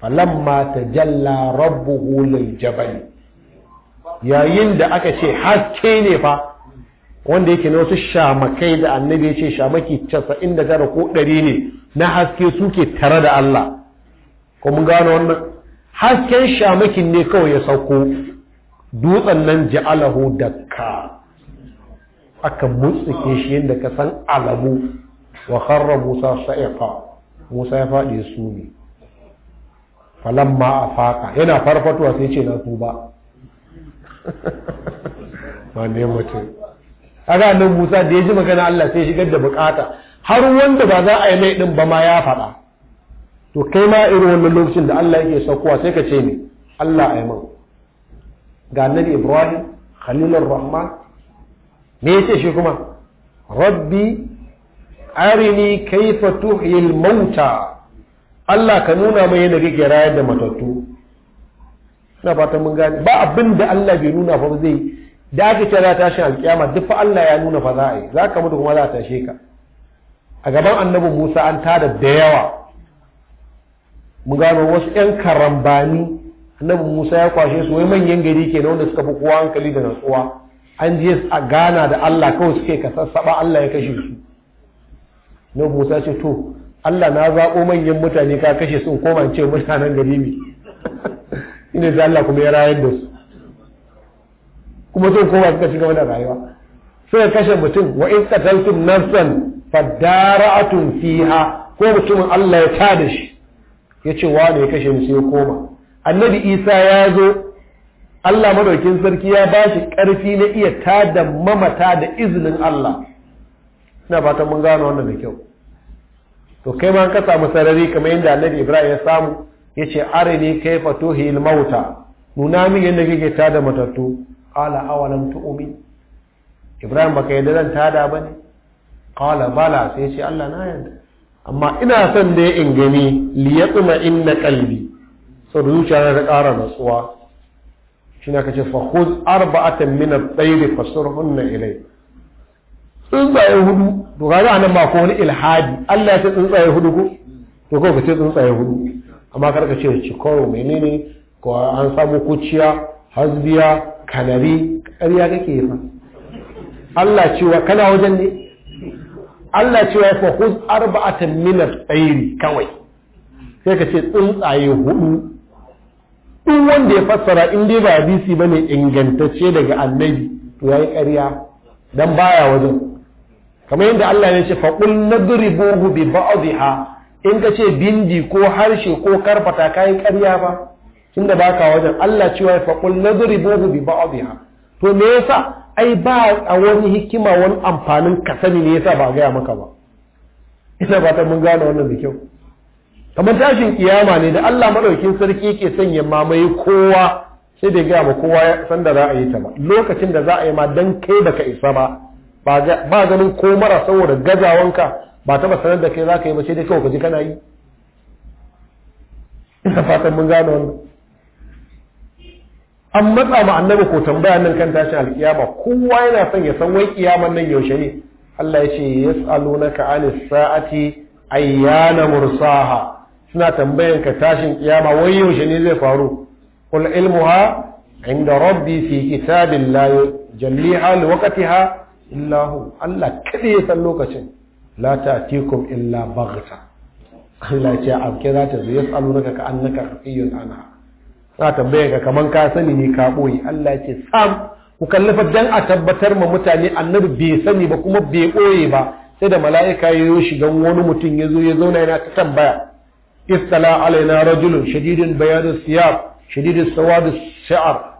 falamma tajalla rabbuhu lil jabali yayin da aka ce haske ne fa wanda yake na wasu shamakai da annabi ya ce shamaki 99 ko 100 ne na haske suke tare da Allah ko mun gano wannan hasken shamakin ne kawai ya sauko dutsen nan ja'alahu kan aka ke shi yadda ka san alamu wa kharra musa sa'iqa musa ya faɗi su ne falamma faƙa yana farfatuwa sai ce na tuba ba *laughs* ne mutum haka nan musa da ya ji magana allah sai shigar da bukata har wanda ba za a yi mai din ba ma ya faɗa to kai ma irin wannan lokacin da Allah yake saukowa sai ka ce ne Allah a yaman ga annabi Ibrahim Khalilur Rahman me yace shi kuma rabbi arini kaifa tuhyil mauta Allah ka nuna mai yadda kake rayar da matattu ina fatan mun gane ba abin da Allah bai nuna fa zai da aka ce za ta shi alkiyama duk fa Allah ya nuna fa za a yi za ka mutu kuma za a tashe ka a gaban annabi Musa an tada da yawa Mu gano wasu 'yan karambani annabi musa ya kwashe su wai manyan gari ke na wanda suka fi kowa hankali da natsuwa an je a gana da allah kawai suke ka sassaɓa allah ya kashe su na musa ce to allah na zaɓo manyan mutane ka kashe sun koma ce mutanen gari ne *laughs* ina da allah kuma ya rayar da su kuma sun koma suka ci gaba da rayuwa suka kashe mutum wa in qataltum nafsan fadara'atun fiha ko mutumin allah ya tada shi ya ce wa ne kashe ni sai koma annabi isa ya zo Allah madaukin sarki ya ba shi ƙarfi na iya tada mamata da izinin Allah ina fatan mun gano wannan da kyau to kai ma ka samu sarari kamar yadda annabi ibrahim ya samu ya ce arini kaifa tuhil mauta nuna min yadda kake tada matattu qala awalam tu'min ibrahim baka yadda zan tada bane qala bala sai ce Allah na yadda. amma ina son dai in gani liyatsuma inna kalbi sau da zuciya ta ƙara natsuwa shi na kace fa khuz arba'atan min at-tayr fasurhunna ilay tsuntsaye hudu to kaga anan ba ko wani ilhadi Allah ya ce tsuntsaye hudu ko to ko kace tsuntsaye hudu amma kar ka ce cikoro menene ko an samu kuciya hasbiya kanari ƙarya kake fa Allah cewa kana wajen ne Allah ce ya fa khuz arba'atan min at kawai sai ka ce tsuntsaye hudu duk wanda ya fassara in dai ba hadisi bane ingantacce daga annabi to yayi ƙarya dan baya wajen kamar yadda Allah ya ce faqul nadribuhu bi ha in ka ce bindi ko harshe ko karfata kai ƙarya ba tunda baka wajen Allah ce cewa faqul nadribuhu bi ba'dha to me yasa ai ba a wani hikima wani amfanin kasani sani ne yasa ba gaya maka ba ina ba ta mun gane wannan da kyau kamar tashin kiyama ne da Allah madaukin sarki yake sanya mamaye kowa sai da gaya ma kowa san da za a yi ta ba lokacin da za a yi ma dan kai baka isa ba ba ganin ko mara saboda gazawanka ba ta sanar da kai za ka yi ba sai dai kawai ka ji kana yi ina fatan mun gane wannan an matsa ma annabi ko tambaya nan kan tashin alkiyama kowa yana son ya san wai kiyaman nan yaushe ne Allah ya ce yas'alunaka anis sa'ati ayyana mursaha suna tambayan ka tashin kiyama wai yaushe ne zai faru qul ilmuha inda rabbi fi kitabin la jalliha liwaqtiha illa hu Allah kada ya san lokacin la ta'tikum illa baghta Allah ya ce abke za ta zo yas'alunaka ka annaka rafiyun anha za tambaye ka kaman ka sani ne ka boye Allah ce sam ku kallafa dan a tabbatar ma mutane annabi bai sani ba kuma bai boye ba sai da mala'ika ya yo shigan wani mutum ya zo ya zauna yana ta tambaya istala alaina rajulun shadidun bayadu siyab shadidus sawadu sha'ar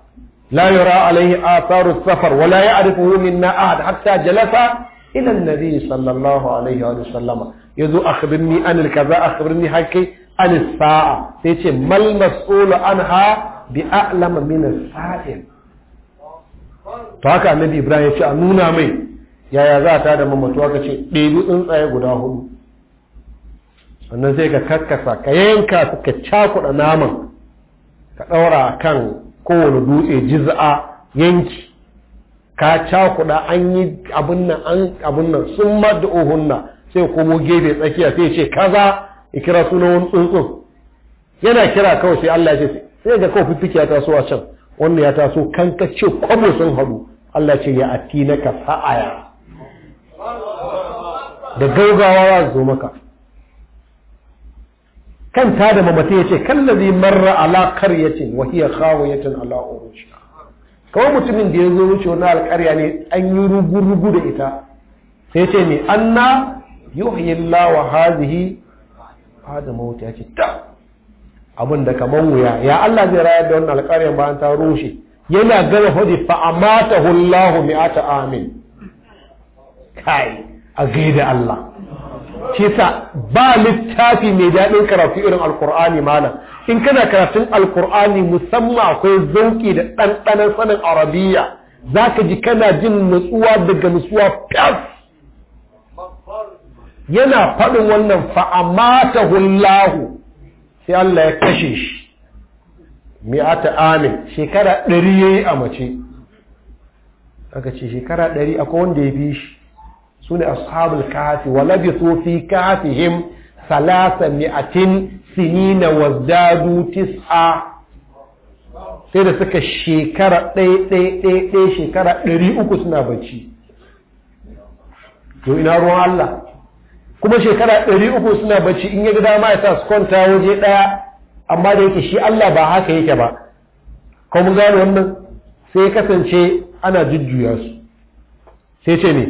la yura alaihi atharu safar wa la ya'rifuhu minna ahad hatta jalasa ila an-nabi sallallahu alaihi wa sallama yazo akhbirni an al-kaza akhbirni hakki an sa'a sai ce mal mas'ulu anha bi a'lama min sa'il to haka annabi ibrahim ya ce a nuna mai yaya za ta da mamatu aka ce ɗebi tsuntsaye guda hudu sannan sai ka karkasa ka yanka su ka cakuɗa naman ka ɗaura kan kowane dutse jiz'a yanki ka cakuɗa an yi abin nan sun madda'uhunna sai komo gefe tsakiya sai ce kaza ya kira sunan wani tsuntsun yana kira kawai sai Allah ce sai ga kawai fiffike ya taso a can wannan ya taso kan ka ce sun haɗu Allah ce ya ati na ka sa'aya da gaugawa za zo maka kan ta da mamata ya ce kallazi marra ala karyatin wa hiya khawiyatun ala urushiha kawai mutumin da ya zo wuce wani alƙarya ne an yi rugu da ita sai ce ne anna yuhyi Allah wa hazihi fada mawuta ya ce ta abin da kamar wuya ya Allah zai rayar da wannan alƙaryar bayan ta rushe yana gama hudu fa amata hullahu mi'ata amin kai a gaida Allah Kisa ba littafi mai daɗin karatu irin alkur'ani malam in kana karatun alkur'ani musamman akwai zauƙi da ɗanɗanon sanin arabiya za ka ji kana jin nutsuwa daga nutsuwa fas yana faɗin wannan fa'amata hullahu sai Allah ya kashe shi mi'ata amin shekara ɗari ya yi a mace aka ce shekara ɗari akwai wanda ya bi shi su ne ashabul kafi wa labisu fi him salasa mi'atin sinina tis'a sai da suka shekara ɗaya ɗaya ɗaya ɗaya shekara ɗari uku suna bacci to ina ruwan Allah kuma shekara ɗari uku suna bacci in ya ga dama ya sa su kwanta waje ɗaya amma da yake shi Allah ba haka yake ba ko mun gane wannan sai kasance ana jujjuya su sai ce ne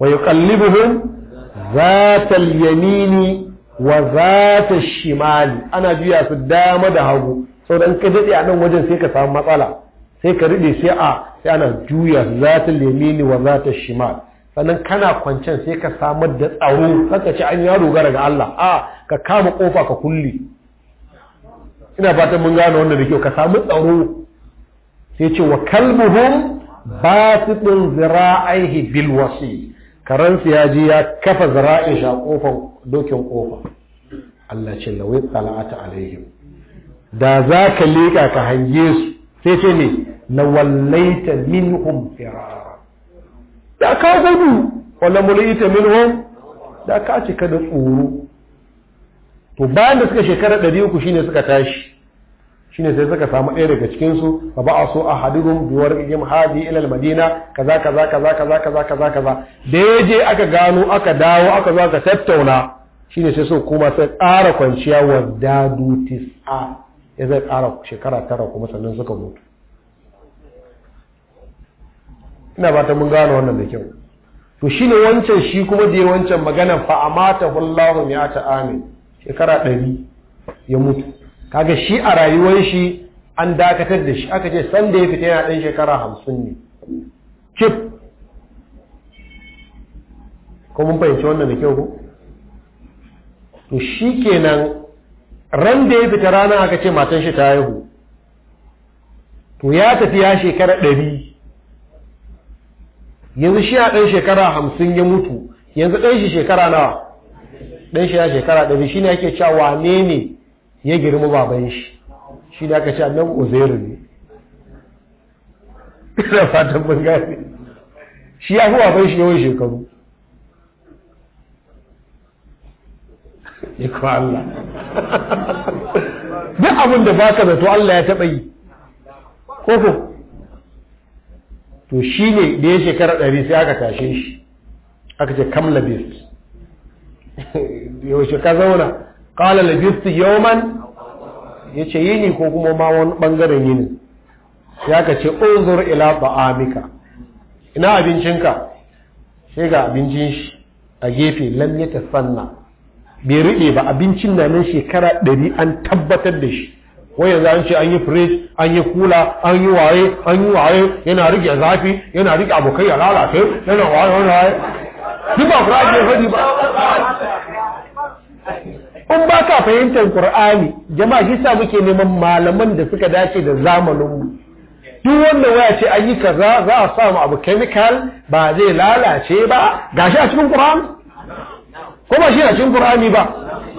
wa yuqallibuhum zatal yamini wa zatal shimali ana juya su dama da hagu Sau in ka daɗe a nan wajen sai ka samu matsala sai ka riɗe sai a sai ana juya zatal yamini wa zatal shimali sannan kana kwancen sai ka samar da tsaro saka ce an yaro gara ga Allah a ka kama kofa ka kulle ina fatan mun gane wannan da kyau ka samu tsaro sai ce wa kalbuhum basitun zira'aihi bil wasi karansu ya ji ya kafa zira'in shi a kofar dokin kofa Allah ce lawai tsala'ata alaihim da za ka leƙa ka hange su sai ce ne lawallaita minhum firar da ka gudu wannan mulai ita minhum da ka cika da tsoro to bayan da suka shekara 300 shine suka tashi shine sai suka samu ɗaya daga cikin su fa ba so a hadidum duwar gim hadi ila madina kaza kaza kaza kaza kaza kaza kaza da yaje aka gano aka dawo aka zo aka tattauna shine sai su kuma sai ƙara kwanciya wa dadu tis'a ya zai ƙara shekara tara kuma sannan suka mutu ina ba ta mun gane wannan da kyau to shi ne wancan shi kuma da wancan magana fa amata wallahu mi'ata amin shekara ɗari ya mutu kaga shi a rayuwar shi an dakatar da shi aka ce san da ya fita yana ɗan shekara hamsin ne cif ko mun fahimci wannan da kyau ko to shi kenan ran da ya fita rana aka ce matan shi ta haihu to ya tafi ya shekara ɗari yanzu shi a ɗan shekara hamsin ya mutu yanzu ɗan shi shekara nawa ɗan shi ya shekara ɗari shi ne ake cewa wane ne ya girma baban shi shi ne aka ce annan uzairu ne ina fatan mun gane shi ya fi baban shi yawan shekaru iko Allah duk abin da baka zato Allah ya taɓa yi ko ko to shi ne da ya shekara ɗari sai aka tashe shi aka ce kam labist yaushe ka zauna ƙala labist yauman ya ce yini ko kuma ma wani ɓangaren yini ya ka ce unzur ila ba'amika ina abincinka sai ga abincin shi a gefe lam ya sanna bai riɗe ba abincin na nan shekara ɗari an tabbatar da shi wai yanzu an ce an yi fridge an yi kula an yi waye an yi waye yana rike zafi yana rike abokai ya lalace yana waye wani waye duk ba kura ake faɗi ba in ba ka fahimtar qur'ani jama'a shi sa muke neman malaman da suka dace da mu. duk wanda waya ce an yi kaza za a samu abu chemical ba zai lalace ba gashi a cikin qur'ani ko ba shi a cikin qur'ani ba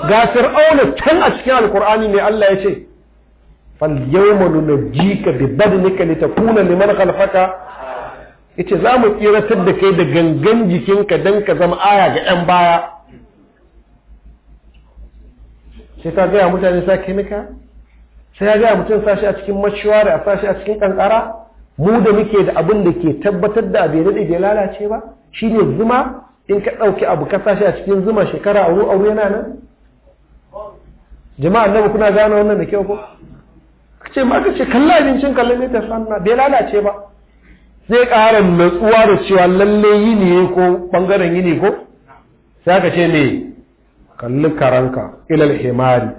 ga sir'aula tun a cikin alqur'ani ne Allah ya ce فاليوم ننجيك ببدنك لتكون لمن خلفك yace za mu tsiratar da kai da gangan jikinka don ka zama aya ga 'yan baya sai ta gaya mutane sa kimika sai ya gaya mutum sashi a cikin mashiwari a sashi a cikin kankara mu da muke da abin da ke tabbatar da abu ya bai lalace ba shine zuma in ka ɗauki abu ka sashi a cikin zuma shekara a wuri yana nan jama'a annabi kuna gane wannan da kyau ko ce ma ka ce kalla abincin kallon ne tafanna bai lalace ba zai ƙara natsuwa da cewa lalle yi ne ko bangaren ne ko sai aka ce ne kalli karanka ilal himari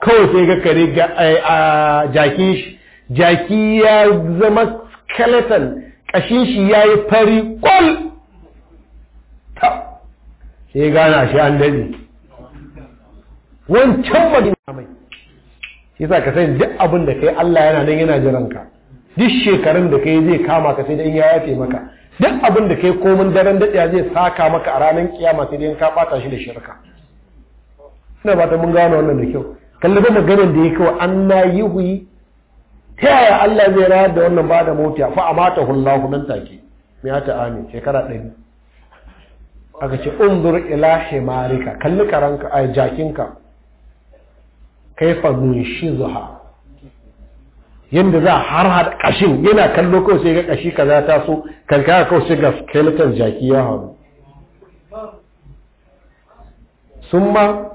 kawai sai ga kare ga jakin shi jaki ya zama skeleton kashin shi ya yi fari kwal sai gana shi an daɗe wancan mai yasa ka san duk abin da kai Allah yana nan yana jiran ka duk shekarun da kai zai kama ka sai dai ya yafe maka duk abin da kai komin daren daɗiya zai saka maka a ranar kiyama sai dai ka bata shi da shirka ina ba mun gano wannan da kyau kalli ba maganar da ya wa an na ta yaya Allah zai rayar da wannan ba da mota fa a mata hullahu nan take me ya ta amin shekara ɗari aka ce unzur ila himarika kalli karanka a jakinka kaifa zuha. yadda za a haɗa ƙashin yana kallo kawai sai ga ƙashi kaza ta so ka kawai sai ga skeleton jaki ya haru sun ma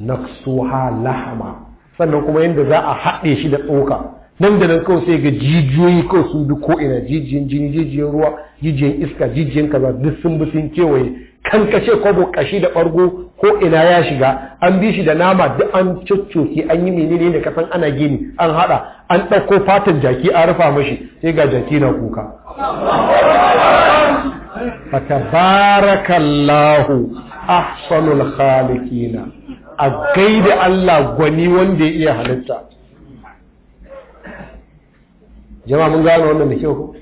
naksuha lahama sannan kuma yadda za a haɗe shi da tsoka nan da nan kawai sai ga jijiyoyi kawai sun bi ko ina jijiyan jini jijiyan ruwa jijiyan iska jijiyan kaza duk sun bi sun kewaye kan kashe kwabo kashi da ɓargo ko ina ya shiga an bi shi da nama duk an coccoke an yi menene da kasan ana gini an hada an ɗauko fatan jaki an rufa mashi sai ga jaki na kuka fatabarakallahu ahsanul khaliqina a gaida Allah gwani wanda ya iya halitta jama'a mun gano wannan da kyau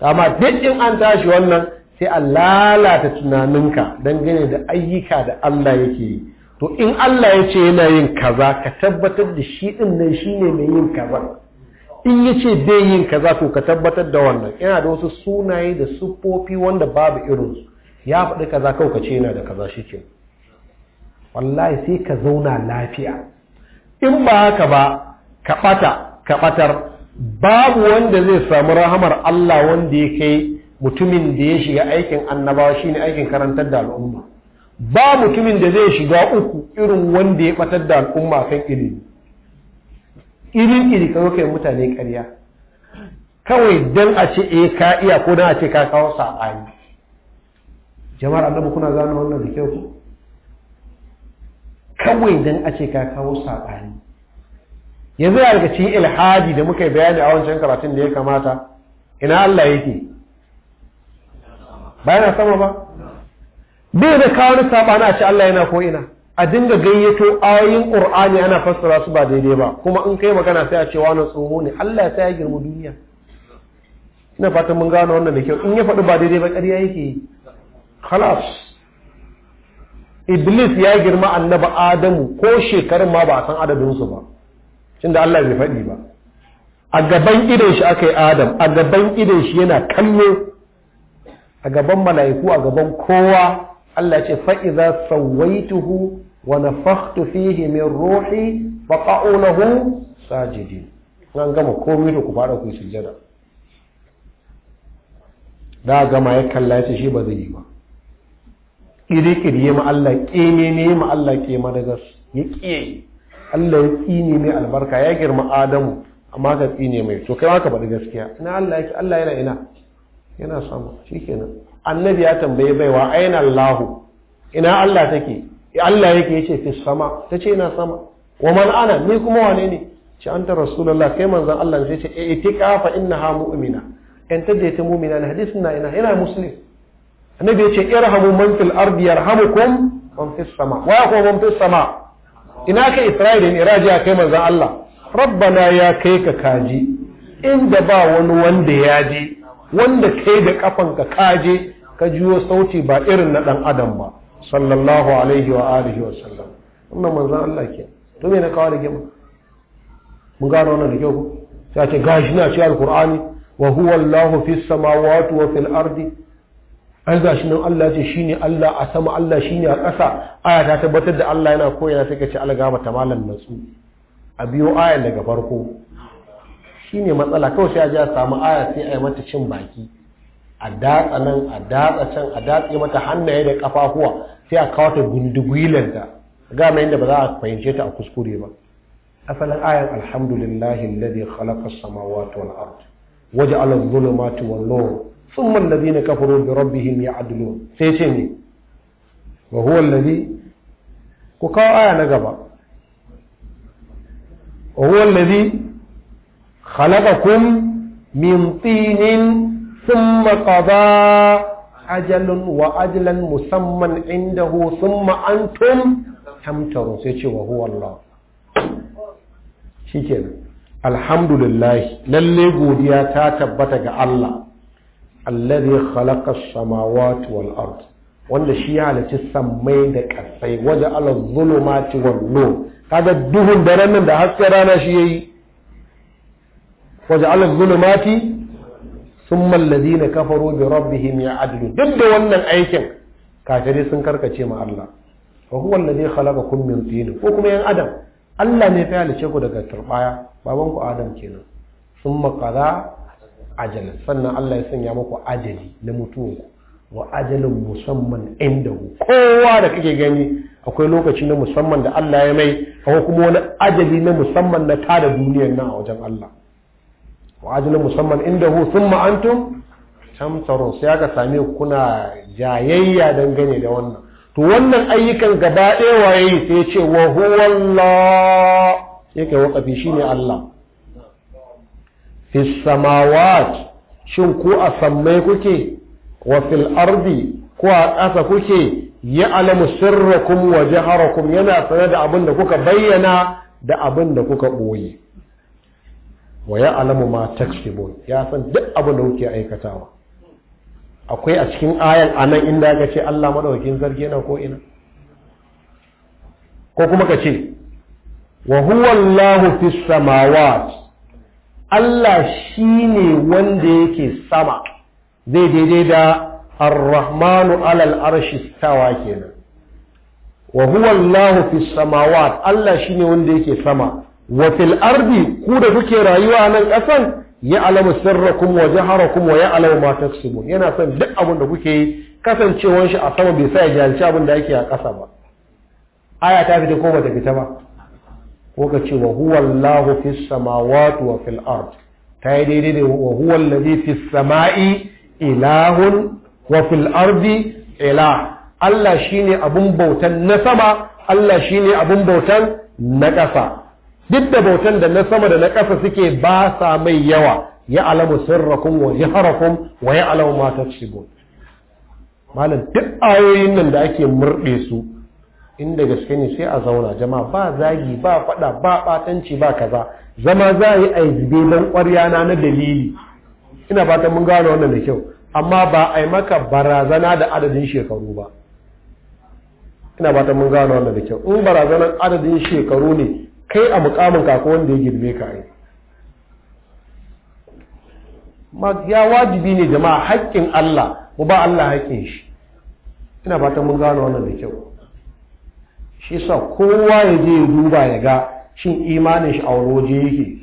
amma duk in an tashi wannan sai a lalata tunaninka dangane da ayyuka da Allah yake yi to in Allah ya ce yana yin kaza ka tabbatar da shi din nan ne mai yin kaza in ya ce bai yin kaza to ka tabbatar da wannan yana da wasu sunaye da siffofi wanda babu irinsu ya faɗi kaza kawai ka ce yana da kaza shi ke. wallahi sai ka zauna lafiya in ba haka ba ka ɓata ka ɓatar babu wanda zai samu rahamar Allah wanda ya kai mutumin da ya shiga aikin annabawa shine aikin karantar da al'umma ba mutumin da zai shiga uku irin wanda ya batar da al'umma kan ilimi irin iri kawai kai mutane ƙarya kawai dan a ce eh ka iya ko dan a ce ka kawo saɓani jama'ar annabi kuna gano wannan da kyau kawai dan a ce ka kawo saɓani yanzu ya daga cikin ilhadi da muka yi bayani a wancan karatun da ya kamata ina Allah yake ba yana sama ba bai da kawo sabani a ce Allah yana ko ina a dinga gayyato ayoyin qur'ani ana fassara su ba daidai ba kuma in kai magana sai a ce wani tsoho ne Allah ya ya girma duniya ina fatan mun gano wannan da kyau in ya faɗi ba daidai ba ƙarya yake khalas iblis ya girma annabi adamu ko shekarun ma ba a san adadin su ba tunda Allah bai faɗi ba a gaban idon shi aka yi adam a gaban idon shi yana kallo a gaban mala'iku a gaban kowa Allah ce fa'iza sawaituhu wa nafakhtu fihi min ruhi faqa'u lahu sajidin an gama komai da ku fara ku sujjada da gama ya kalla ce shi ba zai yi ba ƙiri-ƙiri ya ma'alla ƙene ne ma Allah ke madagas ya ƙiye Allah ya tsine mai albarka ya girma Adamu amma ka tsine mai to kai ma ka faɗi gaskiya ina Allah yake Allah yana ina yana sama shikenan annabi ya tambaye baiwa aina Allahu ina Allah take Allah yake yace fi sama tace ina sama wa man ana ni kuma wane ne ce anta rasulullah kai manzon Allah sai ce eh, itika fa innaha mu'mina in tadde ta mu'mina ne hadisin na ina ina muslim annabi yace irhamu man fil ardi yarhamukum man fis sama wa ko man fis sama ina ka isra'ila ne rajiya kai manzon Allah rabbana ya kai ka kaji inda ba wani wanda ya je wanda kai da kafanka kaje ka jiwo sauti ba irin na dan adam ba sallallahu alaihi wa alihi wa sallam wannan manzon Allah ke to me na kawo da gima mun gano wannan da kyau sai ce gashi na ci alqur'ani wa huwa allahu fis samawati wa fil ardi ai gashi nan Allah ce shine Allah a sama Allah shine a ƙasa aya ta tabbatar da Allah yana koyana sai ka ce algama ta malam natsu a biyo ayan daga farko Shi ne matsala kawai sai a ji a samu aya sai a yi mata cin baki a datsa nan a datsa can a datse mata hannaye da kafafuwa sai a kawo ta gundugwilanta ga mai inda ba za a fahimce ta a kuskure ba asalin ayan alhamdulillahi alladhi khalaqa as-samawati wal ard waja'ala adh-dhulumati wan nur thumma alladhina kafaru bi rabbihim ya'dilun sai ce ne wa huwa alladhi ku kawo aya na gaba wa huwa alladhi khalaqakum min tinin thumma qada ajalun wa ajalan musamman indahu thumma antum tamtarun sai ce wa huwa Allah shikenan alhamdulillah godiya ta tabbata ga Allah alladhi khalaqa as-samawati wal ard wanda shi ya halarci sammai da ƙasai waje ala zulumati wal nur kaga duhun daren nan da hasken rana shi yayi waj'al adh-dhulumati thumma alladhina kafaru bi rabbihim ya'dilun duk da wannan aikin kafirai sun karkace ma Allah wa huwa alladhi khalaqakum min tin ko kuma yan adam Allah ne ya halice ku daga turbaya baban ku adam kenan thumma qada ajal sannan Allah ya sanya maku ajali na mutuwanku wa ajalin musamman inda kowa da kake gani akwai lokaci na musamman da Allah ya mai akwai kuma wani ajali na musamman na tada duniyar nan a wajen Allah wa musamman inda hu sun ma'antum tamtarun sai aka same kuna jayayya dangane da wannan to wannan ayyukan gaba ɗaya waye sai ce wa huwallah yake wakafi ne Allah fi samawat shin ku a sammai kuke wa fil ardi ko a ƙasa kuke ya alamu sirrakum wa jaharakum yana sanar da abin da kuka bayyana da abin da kuka ɓoye wa ya alamu ma taksibun ya san duk abu da kuke aikatawa akwai a cikin ayan anan inda ka ce Allah madaukakin zargi na ko ina ko kuma ka ce wa huwa Allahu fis samawat Allah shine wanda yake sama zai daidai da ar-rahmanu alal arshi stawa kenan wa huwa Allahu fis samawat Allah shine wanda yake sama wa fil ardi ku da kuke rayuwa nan ƙasan ya alama sirrakum wa jaharakum wa ya ma yana son duk abin da kuke yi kasancewan shi a sama bai sa ya jahilci abin da yake a ƙasa ba aya ta fita ko bata fita ba ko ka ce wa huwa Allahu fis samawati wa fil ard ta yi daidai da wa huwa allazi fis sama'i ilahun wa fil ardi ilah Allah shine abun bautan na sama Allah shine abun bautan na ƙasa duk da bautan da na sama da na ƙasa suke ba sa mai yawa ya alamu sirrakum wa jiharakum wa ya alamu ma shigo. malam duk ayoyin nan da ake murɗe su inda gaske ne sai a zauna jama'a ba zagi ba faɗa ba ɓatanci ba kaza zama za a yi a zube don ƙwarya na na dalili ina fatan mun gane wannan da kyau amma ba a yi maka barazana da adadin shekaru ba ina fatan mun gane wannan da kyau in barazanar adadin shekaru ne kai a mukamin kaku wanda ya girme ka ai ya wajibi ne jama'a haƙƙin Allah mu ba Allah haƙƙin shi ina fatan mun gano wannan da kyau shi sa kowa ya je ya duba ya ga shin imanin shi a waje yake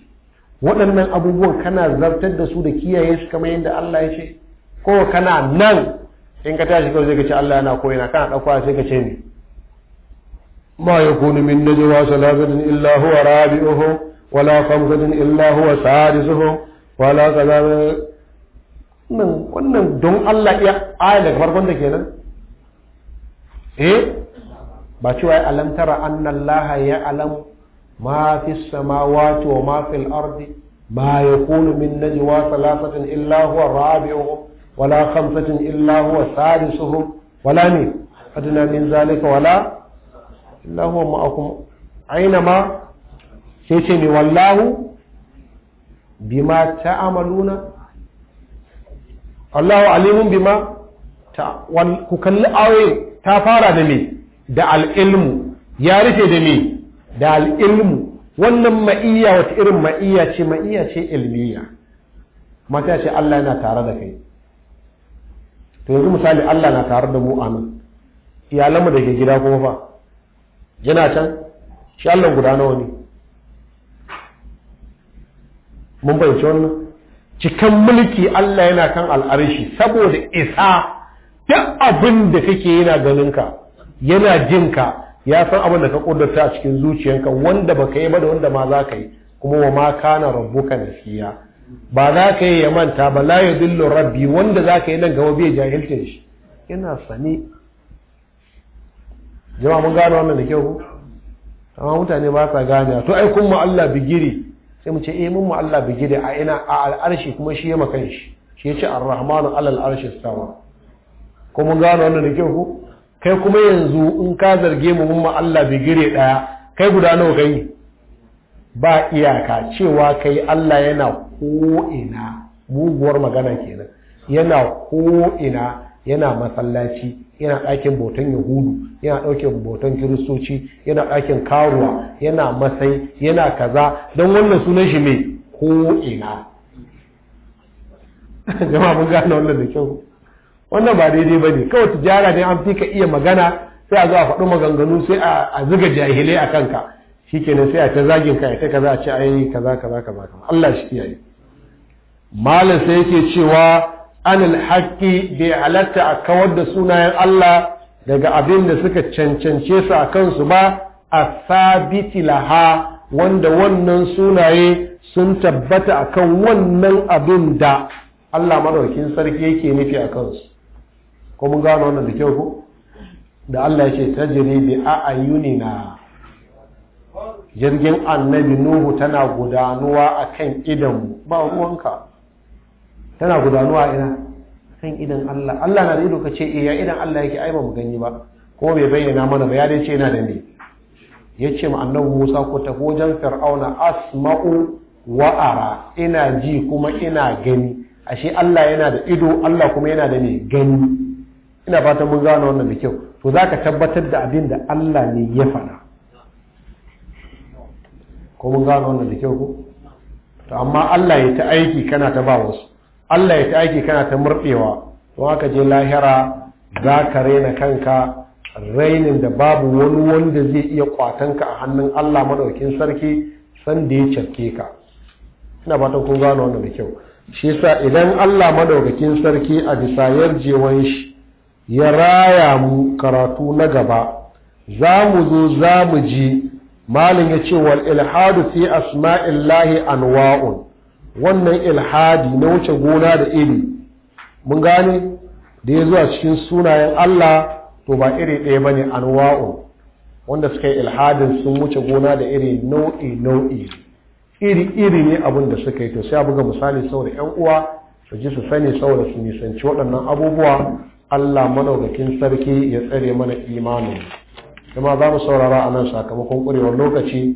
waɗannan abubuwan kana zartar da su da kiyaye su kamar yadda Allah ya ce ko kana nan in ka tashi kawai zai ka ce Allah yana koyina kana ɗauka sai ka ce ni ما يكون من نجوى ثلاثة إلا هو رابعهم ولا خمسة إلا هو سادسهم ولا ثلاثة nan wannan don Allah ya daga farkon da kenan eh ba cewa ya alamtara annallaha ya alam ma fi samawati wa ma fil ardi ma yakunu min najwa thalathatin illa huwa rabi'uhum wala khamsatin illa huwa sadisuhum wala ni adna zalika wala الله ma'akum aina ma والله بما ne wallahu bima بما Allahu alimun bima ta ku kalli aure ta fara da me da al'ilmu da da al'ilmu wannan ma'iyya wata irin ma'iyya ce ma'iyya ce ilmiya mata ce Allah yana tare da kai to yanzu misali Allah na tare da mu a nan iyalanmu da ke gida kuma fa yana can shi Allah guda nawa ne mun bayyace wannan cikan mulki Allah yana kan al'arshi saboda isa duk abin da kake yana ganin ka yana jin ka ya san abin da ka kudurta a cikin zuciyanka wanda baka yi ba da wanda ma za ka yi kuma wa ma kana rabbuka nasiya ba za ka yi ya manta ba la yadullu rabbi wanda za ka yi nan gaba bai jahilcin shi yana sani jama'a mun gane wannan da kyau ku amma mutane ba sa gane to ai kun mu Allah bigiri sai mu ce eh mun mu Allah bigiri a ina a al'arshi kuma shi ya makan shi shi ya ce ar-rahmanu alal arshi sama ko mun gane wannan da kyau ku kai kuma yanzu in ka zarge mu mun mu Allah bigire daya kai guda nawa kai ba iyaka cewa kai Allah yana ko ina muguwar magana kenan yana ko ina yana masallaci yana ɗakin bautan yahudu yana ɗaukin bautan kiristoci yana ɗakin karuwa yana masai yana kaza don wannan sunan shi mai ko ina *laughs* jama'a mun gane wannan da kyau wannan ba daidai ba ne kawai tijara ne an fi ka iya magana sai a zo a faɗi maganganu sai a zuga jahilai a kanka shikenan sai a ta zagin ka ita kaza a ce ai kaza kaza kaza Allah shi yi. malam sai yake cewa anil haƙƙi bai halatta a kawar da sunayen Allah daga abin da suka cancance su a kansu ba a sabiti laha wanda wannan sunaye sun tabbata a kan wannan abin da Allah maɗaukin sarki yake nufi a kansu ko mun gano wannan da kyau ko da Allah ya ce tajiri bi na. jirgin annabi nuhu tana gudanuwa kan idanmu ba ruwanka tana gudanuwa ina kan idan Allah Allah na da ido kace eh ya idan Allah yake ai ba mu gani ba ko bai bayyana mana ba ya dai ce yana da ni yace ma annabi Musa ko ta wajen fir'auna asma'u wa ara ina ji kuma ina gani ashe Allah yana da ido Allah kuma yana da ni gani ina fatan mun gane wannan da kyau to zaka tabbatar da abin da Allah ne ya faɗa ko mun gane wannan da kyau ko to amma Allah ya ta aiki kana ta ba wasu Allah ya ta aiki kana ta murɗewa don haka je lahira za ka raina kanka rainin da babu wani wanda zai iya kwatanka a hannun Allah madaukin sarki sanda ya cafke ka ina fatan kun gano wannan da kyau shi yasa idan Allah madaukakin sarki a bisa yarjewan shi ya raya mu karatu na gaba za mu zo za mu ji malin ya ce wal ilhadu fi asma'illahi anwa'un wannan ilhadi na wuce gona da iri mun gane da ya zuwa cikin sunayen Allah to ba iri ɗaya ba ne wa'o wanda suka yi ilhadin sun wuce gona da iri nau'i nau'i iri iri ne abin da suka yi to sai buga misali saboda yan uwa su ji su sani saboda su nisanci waɗannan abubuwa Allah manaukakin sarki ya tsare mana imanin kuma za mu saurara a nan sakamakon ƙurewar lokaci